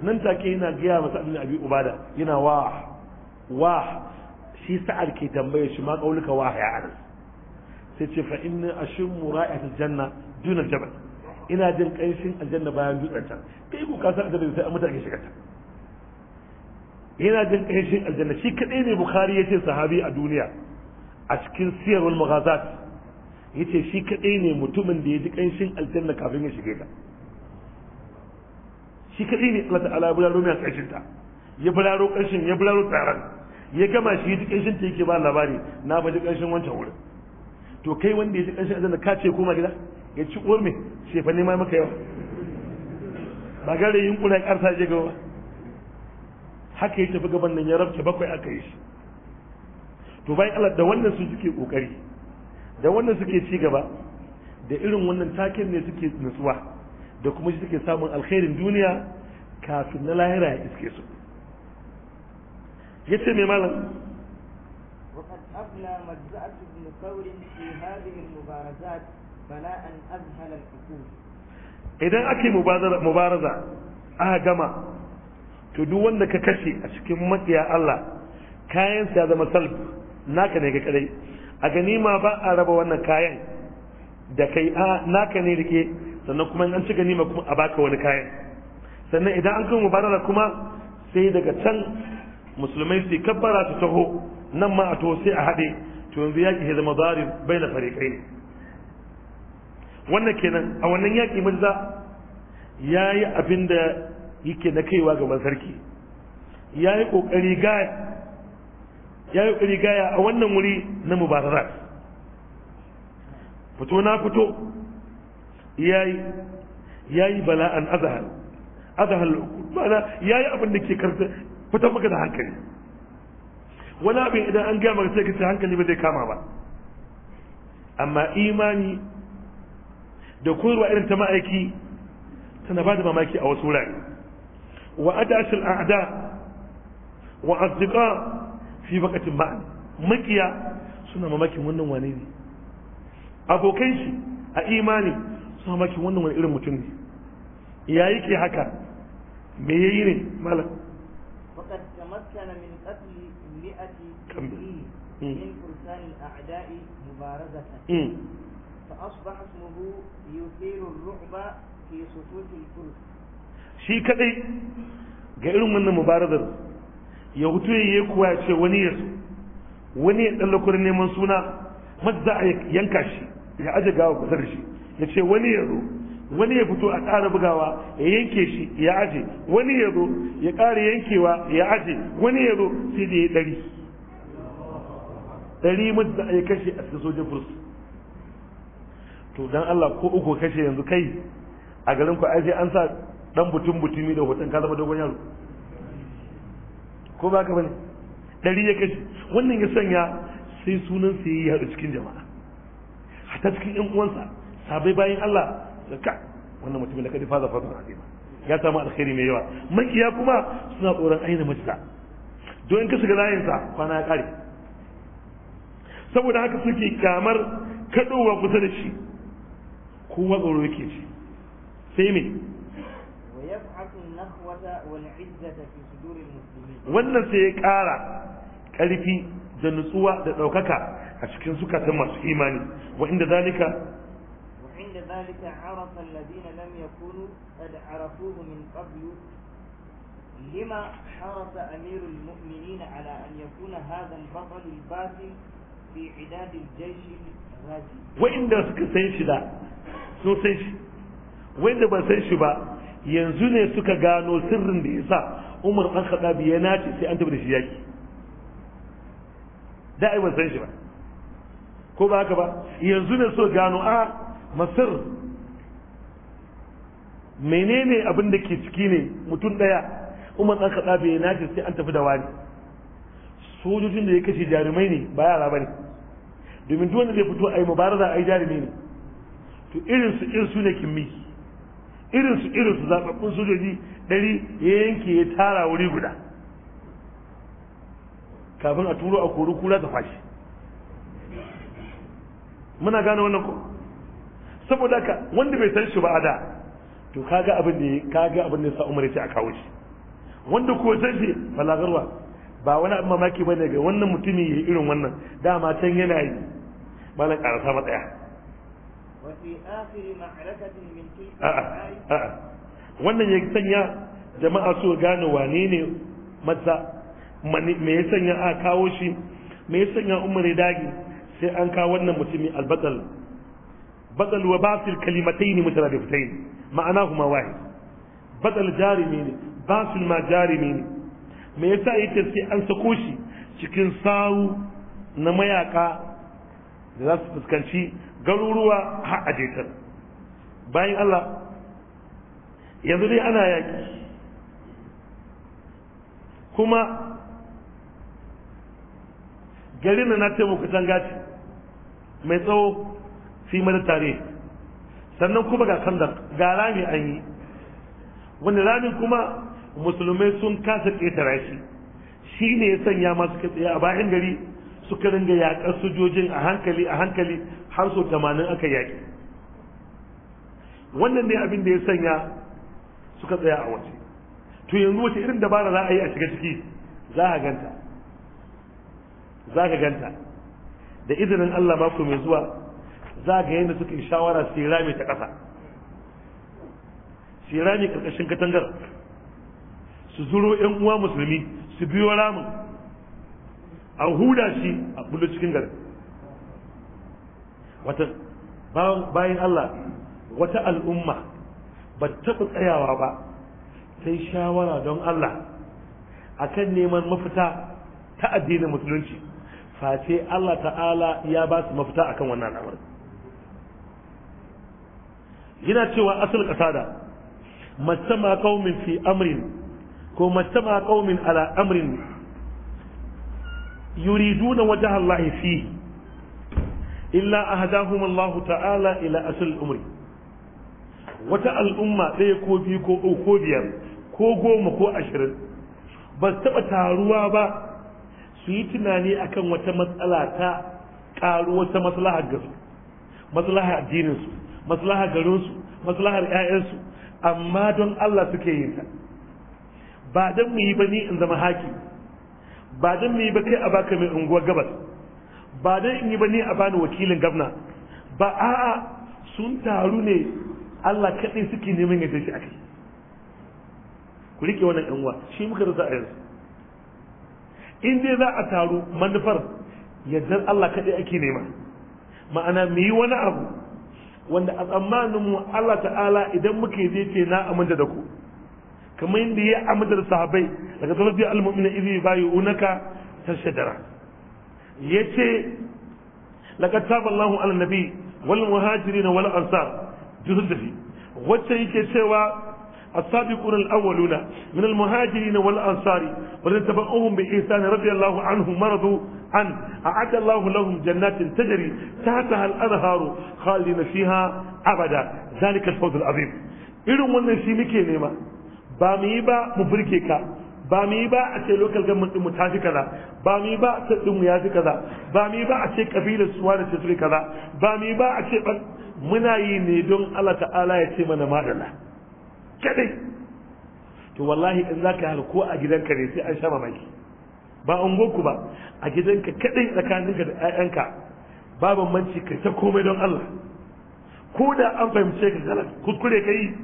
[SPEAKER 1] nan take yana gaya masa abin abi ubada yana wa wa شي سأل كي تنبي شي ما قولك واحي عنه سيتي فإن أشم رائحة الجنة دون الجبل إلى دين قيسين الجنة بايان دون الجنة كي يقول كاسا أجل يسأل أمتا كي شكتا إلى دين قيسين الجنة شي كتيني بخارية صحابي الدنيا أشكين سير والمغازات yace shi kadai ne mutumin da ya ji kanshin aljanna kafin ya shige ta shi kadai ne Allah ta'ala ya bularo mai kanshin ta ya bularo kanshin ya bularo taran ya gama shi duk ƙanshin ta yake ba labari na ba duk wancan wurin to kai wanda ya ji karshen azan da ka ce gida ya ci uwar ce fa nema maka yawa ba gare yin kula ƙarsa je gaba haka ya tafi gaban nan ya rabce bakwai aka yi shi to bayan Allah da wannan su suke kokari da wannan suke ci gaba da irin wannan takin ne suke nutsuwa da kuma shi suke samun alkhairin duniya kafin na lahira ya iske su yace me malam
[SPEAKER 2] وقد أبلى مجزعة ابن ثور في هذه المبارزات فلا أذهل إذا أكي
[SPEAKER 1] مبارزة أها الله كاين مسلب naka ne ga a ganima ba a raba wannan kayan da kai a naka ne rike sannan kuma an ci ganima kuma a baka wani kayan sannan idan an kuma mubarara kuma sai daga can musulmai su kabbara su taho nan ma a taho sai a haɗe to yanzu yaƙi ya zama bari bai na fariƙai ne wannan kenan a wannan yaƙi mirza ya yi abin da yake na kaiwa gaban sarki ya yi ƙoƙari gaya ya yi ƙoƙari gaya a wannan wuri na mubararat fito na fito ya yi ya yi bala'an azahar azahar ma'ana ya yi abin da ke karta fitar maka da hankali wani abin idan an gaya maka sai ka ce hankali ba zai kama ba amma imani da koyarwa irin ta ma'aiki tana ba da mamaki a wasu wurare wa adashin al'ada wa azdiqa fi bakatin ma'an makiya suna mamakin wannan wane ne abokan shi a imani suna mamakin wannan wani irin mutum ne yayi ke haka me yayi ne malam
[SPEAKER 2] تمكن من قتل امرأة إبريل من فرسان الأعداء مبارزة فأصبح اسمه يثير الرعب في صفوف الفرس
[SPEAKER 1] shi kadai ga irin wannan mubarazar ya hutu ya yi kuwa ya ce wani ya wani ya ɗan neman suna za a yanka shi ya aje gawa kusa da shi ya ce wani ya zo wani ya fito a ƙara bugawa ya yanke shi ya aje wani ya zo ya ƙara yankewa ya aje wani ya zo sai da ya ɗari ɗari mutu ya kashe a cikin sojin furs to dan Allah ko uku kashe yanzu kai a garin ku aje an sa dan butun butumi da hoton ka zama dogon yaro ko ba ka bane ɗari ya kashe wannan ya sanya sai sunan sai ya yaɗu cikin jama'a hatta cikin 'yan uwansa sabai bayan Allah ka wannan mutumin da kadi faza fadun azima ya samu alkhairi mai yawa makiya kuma suna tsoron aina majda don in ka shiga layin sa kwana ya kare saboda haka suke kamar kadowa kusa da shi kowa tsoro yake ci sai me
[SPEAKER 2] wannan sai ya
[SPEAKER 1] kara ƙarfi da nutsuwa da ɗaukaka a cikin zukatan masu imani wa inda
[SPEAKER 2] zalika ذلك عرف الذين لم يكونوا قد عرفوه من قبل لما حرص أمير المؤمنين على أن يكون هذا البطل الباطل في عداد الجيش
[SPEAKER 3] الغازي
[SPEAKER 1] وإن سك سنش لا سو سنش وإن با سنش با yanzu ne suka gano sirrin da yasa Umar dan Khattab ya nace sai an tabbata shi yaki da ai ban san shi ba ko ba haka ba yanzu ne so gano a masir menene abin da ke ciki ne mutum ɗaya umar ɗan kaɗa bai nace sai an tafi da wani sojojin da ya kashe jarumai ne ba yara ba ne domin duk wanda zai fito a yi mubaraza a yi jarumi ne to irinsu irinsu ne kimmi irinsu irinsu zaɓaɓɓun sojoji ɗari ya yanke ya tara wuri guda kafin a turo a kori kura ta fashi muna gane wannan ko saboda ka wanda bai san shi ba a da to kaga abin da kaga abin da sa Umar ya ce a kawo shi wanda ko san shi balagarwa ba wani abin mamaki bane ga wannan mutumi ya irin wannan dama can yana yi malan karasa matsaya wannan ya sanya jama'a su gane wane ne maza me ya sanya a kawo shi me ya sanya umar ya dage sai an kawo wannan mutumi albatal badal wa basil kalimataini mutaradiftain ma'anahuma wahid badal jarimi ne basil ma jarimi ne me yasa yake sai an sako shi cikin sawu na mayaka da za su fuskanci garuruwa har a jetar bayan Allah yanzu dai ana yaki kuma garin na ta muku tangaci mai tsawo fi madar tare sannan kuma ga kandar ga rami an yi wani ramin kuma musulmai sun kasa ƙetara shi shi ne ya sanya masu tsaye a bayan gari suka ringa yaƙar sojojin a hankali a hankali har sau tamanin aka yaƙi wannan ne abin da ya sanya suka tsaya a waje to yanzu wace irin dabara za a yi a shiga ciki za a ganta za ka ganta da izinin Allah mako mai zuwa za ga yadda suka yi shawara su ta ƙasa su karkashin ƙarƙashin katangar su zuro yan uwa musulmi su biyo ramin a huda shi a bulu cikin garin wata bayan Allah wata al'umma ba ta taɓa tsayawa ba ta shawara don Allah akan neman mafita ta addinin musulunci face Allah ta'ala ya ba su mafita akan wannan al'amarin yana cewa asal kasada majtama qaumin fi amrin ko majtama qaumin ala amrin yuriduna wajha Allah fi illa ahdahum Allah ta'ala ila asal umri wata al'umma ɗaya ko biyu ko uku ko biyar ko goma ko ashirin ba su taɓa taruwa ba su yi tunani akan wata matsala ta ƙaru wata maslaha ga su maslaha su maslahar garinsu maslahar 'ya'yansu amma don Allah suke yin ta ba don mu yi ba ni in zama haki ba don mu yi ba kai a baka mai unguwar gabas ba don in yi ba ni a bani wakilin gwamna ba a'a sun taru ne Allah kaɗai suke neman yadda shi akai ku rike wannan yan uwa shi muka rasa a yanzu in dai za a taru manufar yadda Allah kaɗai ake nema ma'ana mu yi wani abu wanda a tsammanin mu Allah ta'ala idan muke zai ce na aminta da ku kamar yadda ya aminta da sahabbai daga sarfi al-mu'mina idhi bayunaka ta yace laqad taba Allahu ala nabi wal muhajirin wal ansar juzul dafi wacce yake cewa السابقون الأولون من المهاجرين والأنصار والذين تبعوهم بإحسان رضي الله عنهم مرضوا عنه أعد الله لهم جنات تجري تحتها الأنهار خالدين فيها أبدا ذلك الفوز العظيم irin wannan shi muke nema ba mu yi ba mu burke ka ba mu yi ba a ce local mu ta kaza ba mu yi ba a ce mu kaza ba mu yi ba suwa da ce kaza ba mu yi ba muna yi ne don Allah ta'ala ya ce mana madalla kadai to wallahi in za ka halko a gidanka ne sai an shama mamaki ba an goku ba a gidanka kadai tsakaninka da 'ya'yanka ba manci kai ta komai don Allah ko da an fahimce ka galas kuskure kai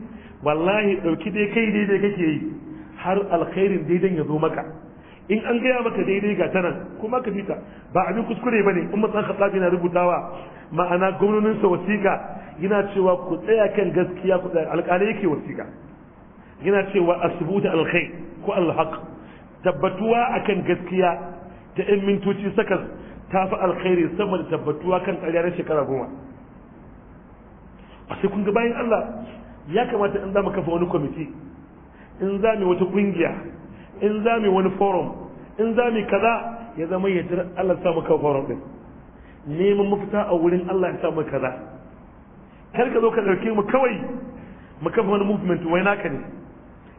[SPEAKER 1] wallahi dauki dai kai daidai kake yi har alkhairin daidai ya zo maka in an gaya maka daidai ga tanan kuma ka fita ba abin kuskure ba ne in matsan tsafi na rubutawa ma'ana gwamnonin sa wasiƙa yana cewa ku tsaya kan gaskiya ku tsaya alƙalai yake wasiƙa yana cewa asubuta alkhair ko alhaq tabbatuwa akan gaskiya ta yan mintoci sakas ta fi alkhairi sama da tabbatuwa kan ƙarya na shekara goma a sai kun ga bayan Allah ya kamata in za mu kafa wani kwamiti in za mu wata kungiya in za mu wani forum in za mu kaza ya zama ya jira Allah samu kafa forum din neman mafita a wurin Allah ya samu kaza kar ka zo ka ɗauke mu kawai mu kafa wani movement wai naka ne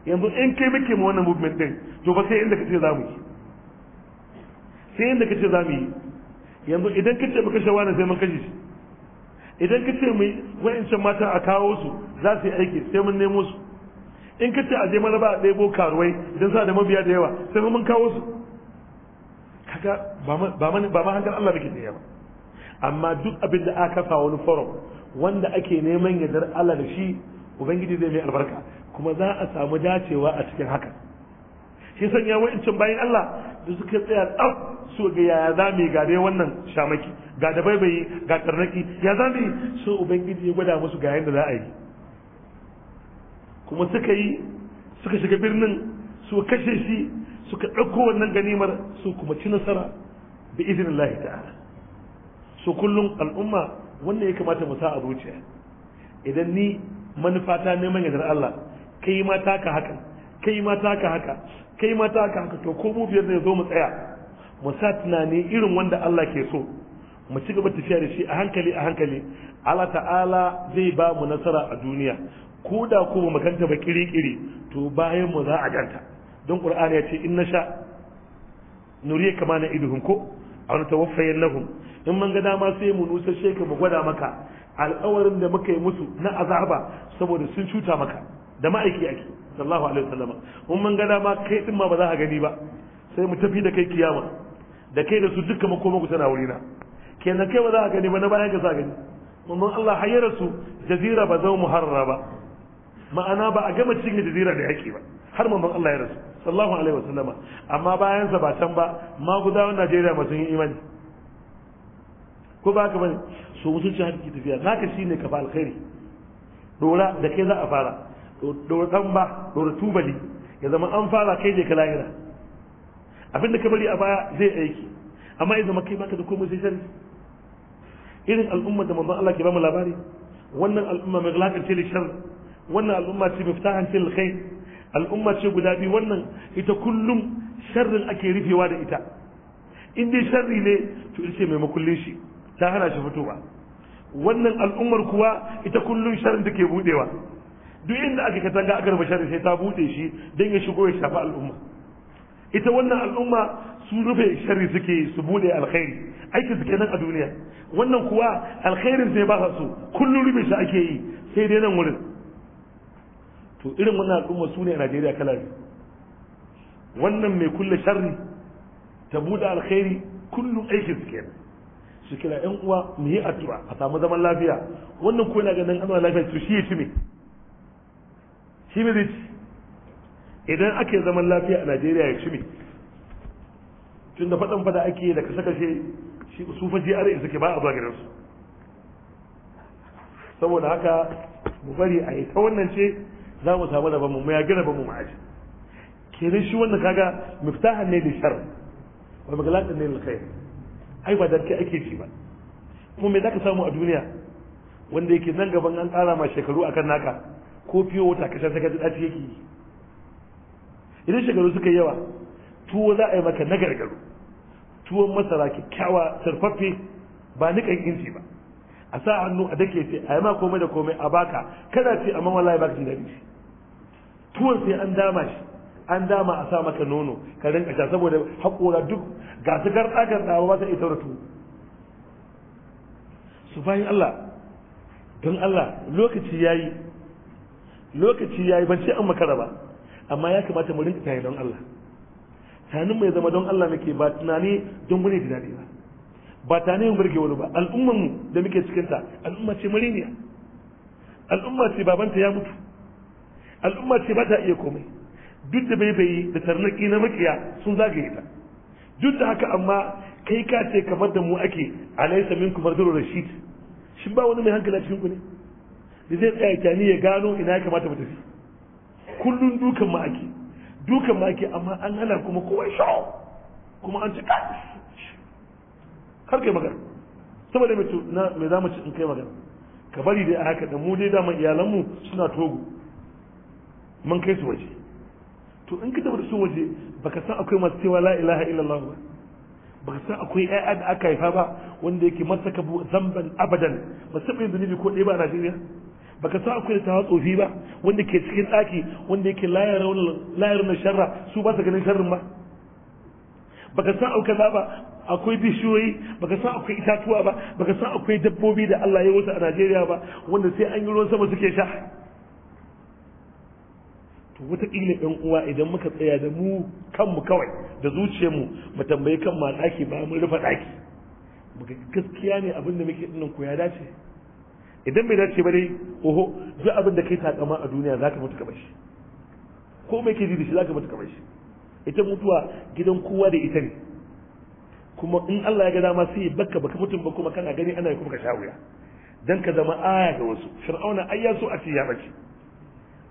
[SPEAKER 1] yanzu in kai muke mu wannan movement din to ba sai inda kace za mu yi sai inda kace za mu yi yanzu idan kace mu kashe wani sai mun kashe shi idan kace mu wayancan mata a kawo su za su yi aiki sai mun nemo su in kace a je mana ba a ɗebo karuwai idan sa da mabiya da yawa sai mun kawo su kaga ba ma ba ma hankali Allah muke da yawa amma duk abin da aka kafa wani forum wanda ake neman yardar Allah da shi ubangiji zai mai albarka kuma za a samu dacewa a cikin haka shi sanya wa'incin bayan Allah da suka tsaya tsaf so ga yaya za mu gare wannan shamaki ga da baibayi ga tarnaki ya za mu so ubangiji ya gwada musu ga yadda za a yi kuma suka yi suka shiga birnin su kashe shi suka ɗauko wannan ganimar su kuma ci nasara bi idinillahi ta'ala su kullum al'umma wannan ya kamata mu sa a zuciya idan ni manufata neman yardar Allah kai ma ka haka kai ma ka haka kai ma ka haka to ko mu biyar ne zo mu tsaya mu sa tunani irin wanda Allah ke so mu ci gaba tafiya da shi a hankali a hankali Allah ta'ala zai ba mu nasara a duniya ko da ko ba makanta ba kiri-kiri to bayan mu za a ganta don qur'ani ya ce in nasha nuriya kama na iduhum ko aw natawaffayannahum in mun ga dama sai mu nusashe ka mu gwada maka alƙawarin da muka yi musu na azaba saboda sun cuta maka da ma'aiki ake sallallahu alaihi wasallam in mun ga dama kai din ma ba za ka gani ba sai mu tafi da kai kiyama da kai da su dukkan makoma ku tana wurina kenan kai ba za ka gani ba na bayan ka za ka gani mun Allah hayyara su jazira ba zau muharraba ma'ana ba a gama cikin jazira da yake ba har mun Allah ya rasu sallallahu alaihi wasallam amma bayan sa ba can ba magudawan Najeriya masu sun yi imani ko ba ka bane so mutunci har ki tafiya naka shine ka ba alkhairi dora da kai za a fara dora dan ba dora tubali ya zama an fara kai je ka lahira da ka bari a baya zai aiki amma ya zama kai baka da komai sai sharri irin al'umma da manzon Allah ke ba mu labari wannan al'umma mai galakan ce lishar wannan al'umma ce miftahan ce alkhair al'umma ce guda biyu wannan ita kullum sharrin ake rufewa da ita in dai sharri ne to ita ce mai makullin ta hana shi fitowa wannan al'ummar kuwa ita kullum sharrin take budewa duk inda aka katanga aka rufe sharin sai ta bude shi don ya shigo ya shafi al'umma ita wannan al'umma su rufe sharri suke su bude alkhairi aiki suke nan a duniya wannan kuwa alkhairin sai ba su kullum rufe shi ake yi sai dai nan wurin to irin wannan al'umma su ne a najeriya kala wannan mai kulle sharri ta bude alkhairi kullum aikin su kenan su kira yan uwa mu yi addu'a a samu zaman lafiya wannan ko yana ganin ana lafiya to shi ya ci me shi me zai idan ake zaman lafiya a Najeriya ya ci me tun da faɗan fada ake da kasa kashe shi su fa GRA suke ba a zuwa gidansu saboda haka mu bari a yi ta wannan ce za mu samu da bamu mu ya gina bamu mu aji kenan shi wannan kaga miftahan ne da shar wa magalatin ne da khair ai ba da ake ci ba kuma me zaka samu a duniya wanda yake nan gaban an tsara ma shekaru akan naka ko fiye wata kashe saka da dace yake idan shekaru suka yi yawa tuwo za a yi maka na gargaro tuwon masara kyakkyawa sarfaffe ba nikan inci ba a sa hannu a dake ce a yi ma komai da komai a baka kada ce amma wallahi baka jin daɗi tuwon sai an dama shi an dama a sa maka nono ka rinka sha saboda haƙora duk ga su garɗa garɗa ba ta ita rutu su bayan Allah don Allah lokaci yayi lokaci yayi ban ce an makara ba amma ya kamata mu rinka tayi don Allah tunanin mai zama don Allah muke ba tunani don da daɗi ba ba tanin mu burge wani ba al'ummar mu da muke cikin ta al'umma ce mariniya al'umma ce babanta ya mutu al'umma ce ba ta iya komai duk da baibayi da tarnaki na makiya sun zagaye ita duk da haka amma kai ka ce kamar da mu ake min kuma zuru rashid shin ba wani mai hankali a cikin ku ne da zai tsaya kyani ya gano ina ya kamata mu tafi kullun dukan ma ake dukan ma ake amma an hana kuma kowa shawo kuma an ci Har kai magana saboda mai na mai zamu ci in kai magana ka bari dai a haka da mu dai da mu iyalan mu suna togo mun kai su waje to in ka tafi da su waje baka san akwai masu cewa la ilaha illallah ba baka san akwai ƴaƴa da aka haifa ba wanda yake masaka zamban abadan ba su yin zunubi ko ɗaya ba a Najeriya baka san akwai tawa tsofi ba wanda ke cikin ɗaki wanda yake layar na sharra su ba su ganin sharrin ba baka san auka ba akwai bishiyoyi baka san akwai itatuwa ba baka san akwai dabbobi da Allah ya wuta a Najeriya ba wanda sai an yi ruwan sama suke sha to wataƙila ɗan uwa idan muka tsaya da mu kanmu kawai da zuciyarmu mu tambayi kan ma ɗaki ba mun rufe ɗaki muka gaskiya ne abin da muke dinnan ko ya dace idan bai dace ba dai oho duk abin da kai takama a duniya zaka mutu ka bashi ko mai ke ji da shi zaka mutu ka bashi ita mutuwa gidan kowa da ita ne kuma in Allah ya ga dama sai baka baka mutum ba kuma kana gani ana kuma ka sha dan ka zama aya ga wasu fir'auna ayyasu a ce ya bace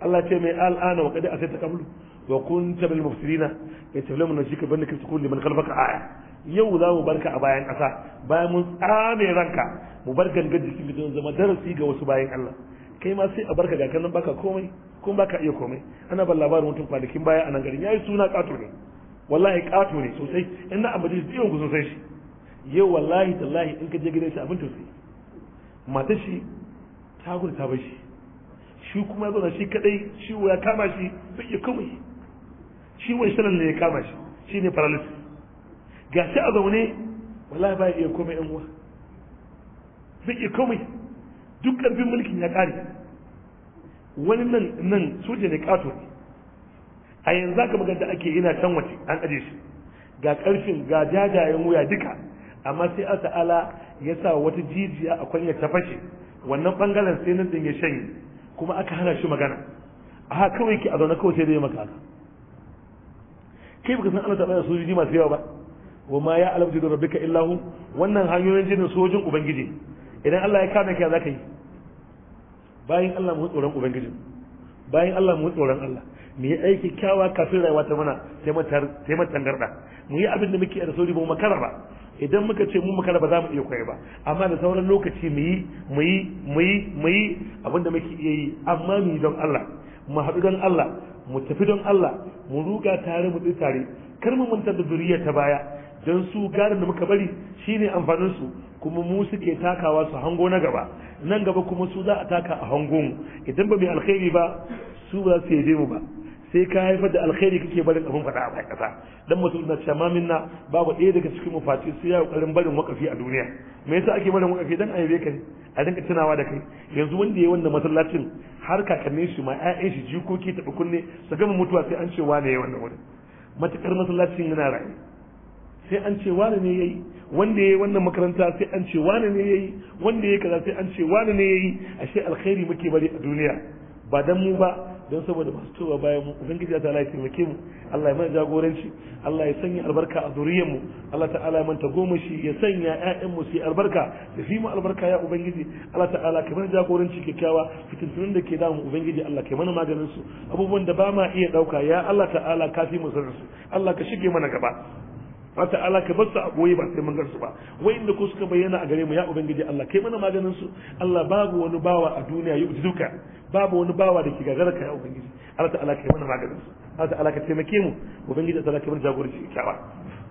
[SPEAKER 1] Allah ce mai al'ana wa sai ta qablu wa kun kunta bil mufsidina yace lamun nashika banda kirtu kulli man kalbaka aya yau za mu barka a bayan ƙasa bayan mun tsame ranka mu bar gangan jikin gidan zama darasi ga wasu bayan Allah kai ma sai a barka ga kanan baka komai kun baka iya komai ana ban labarin mutum kwanakin baya a nan garin yayi suna kato ne wallahi kato ne sosai ina na abu da ku sosai shi yau wallahi tallahi in ka je gidan shi abin tausayi matar shi ta gudu ta bar shi shi kuma zo zauna shi kadai ciwo ya kama shi bai iya komai ciwon shanan ne ya kama shi shi ne paralysis ga shi a zaune wallahi ba iya kuma yan uwa bai iya komai duk karfin mulkin ya kare wani nan nan soja ne kato ne a yanzu aka maganta ake yana can wace an aje shi ga karfin ga jajayen wuya duka amma sai a ta'ala ya sa wata jijiya a kwanya ta fashe wannan bangaren sai nan din ya shanye kuma aka hana shi magana a haka kawai ke a zaune kawai sai dai maka haka kai baka san Allah ta bada sojoji masu yawa ba wa ma ya alamtu da rabbika illahu wannan hanyoyin jinin sojin ubangiji idan Allah ya kame ka zaka yi bayan Allah mu tsoron ubangiji bayan Allah mu tsoron Allah mu yi aiki kyawa kafin rayuwa ta mana sai mu mu yi abin da muke da sauri ba mu makara ba idan muka ce mu makara ba za mu iya koyi ba amma da sauran lokaci mu yi mu yi mu yi mu yi abinda muke iya yi amma mu yi don Allah mu haɗu don Allah mu tafi don Allah mu ruga tare mu tsaye tare kar mu manta da zuriya ta baya don su garin da muka bari shine amfanin su kuma mu suke takawa su hango na gaba nan gaba kuma su za a taka a hango mu idan ba mu alkhairi ba su ba su yaje mu ba sai ka haifar da alkhairi kake barin abin faɗa a kasa ƙasa dan mutum na cewa minna babu ɗaya daga cikin mafaci sai ya ƙarin barin wakafi a duniya me yasa ake barin wakafi dan ayyabe kai a dinka tunawa da kai yanzu wanda ya wannan masallacin har kakannin shi ma ƴaƴan shi jikoki ta kunne su gama mutuwa sai an ce wane ya wannan wurin matakar masallacin yana rayu sai an ce wane ne yayi wanda yayi wannan makaranta sai an ce wane ne yayi wanda yayi kaza sai an ce wane ne yayi ashe alkhairi muke bari a duniya ba dan mu ba don saboda masu towa bayan mu ubangiji ta Allah ya taimake mu Allah ya mana jagoranci Allah ya sanya albarka a zuriyar mu Allah ta'ala ya manta goma shi ya sanya ƴaƴan mu su albarka da fi mu albarka ya ubangiji Allah ta'ala ka mana jagoranci kyakkyawa fitintunan da ke damu ubangiji Allah kai mana maganin su abubuwan da ba ma iya dauka ya Allah ta'ala ka fi mu sanarsu. su Allah ka shige mana gaba wata ta'ala ka basu su a boye ba sai mun garsu ba inda ko suka bayyana a gare mu ya ubangiji Allah kai mana maganin su Allah babu wani bawa a duniya yi duka babu wani bawa da ke gagara ka ya ubangiji Allah ta'ala kai mana maganin su Allah ta'ala ka taimake mu ubangiji Allah ka mana jagoranci kyawa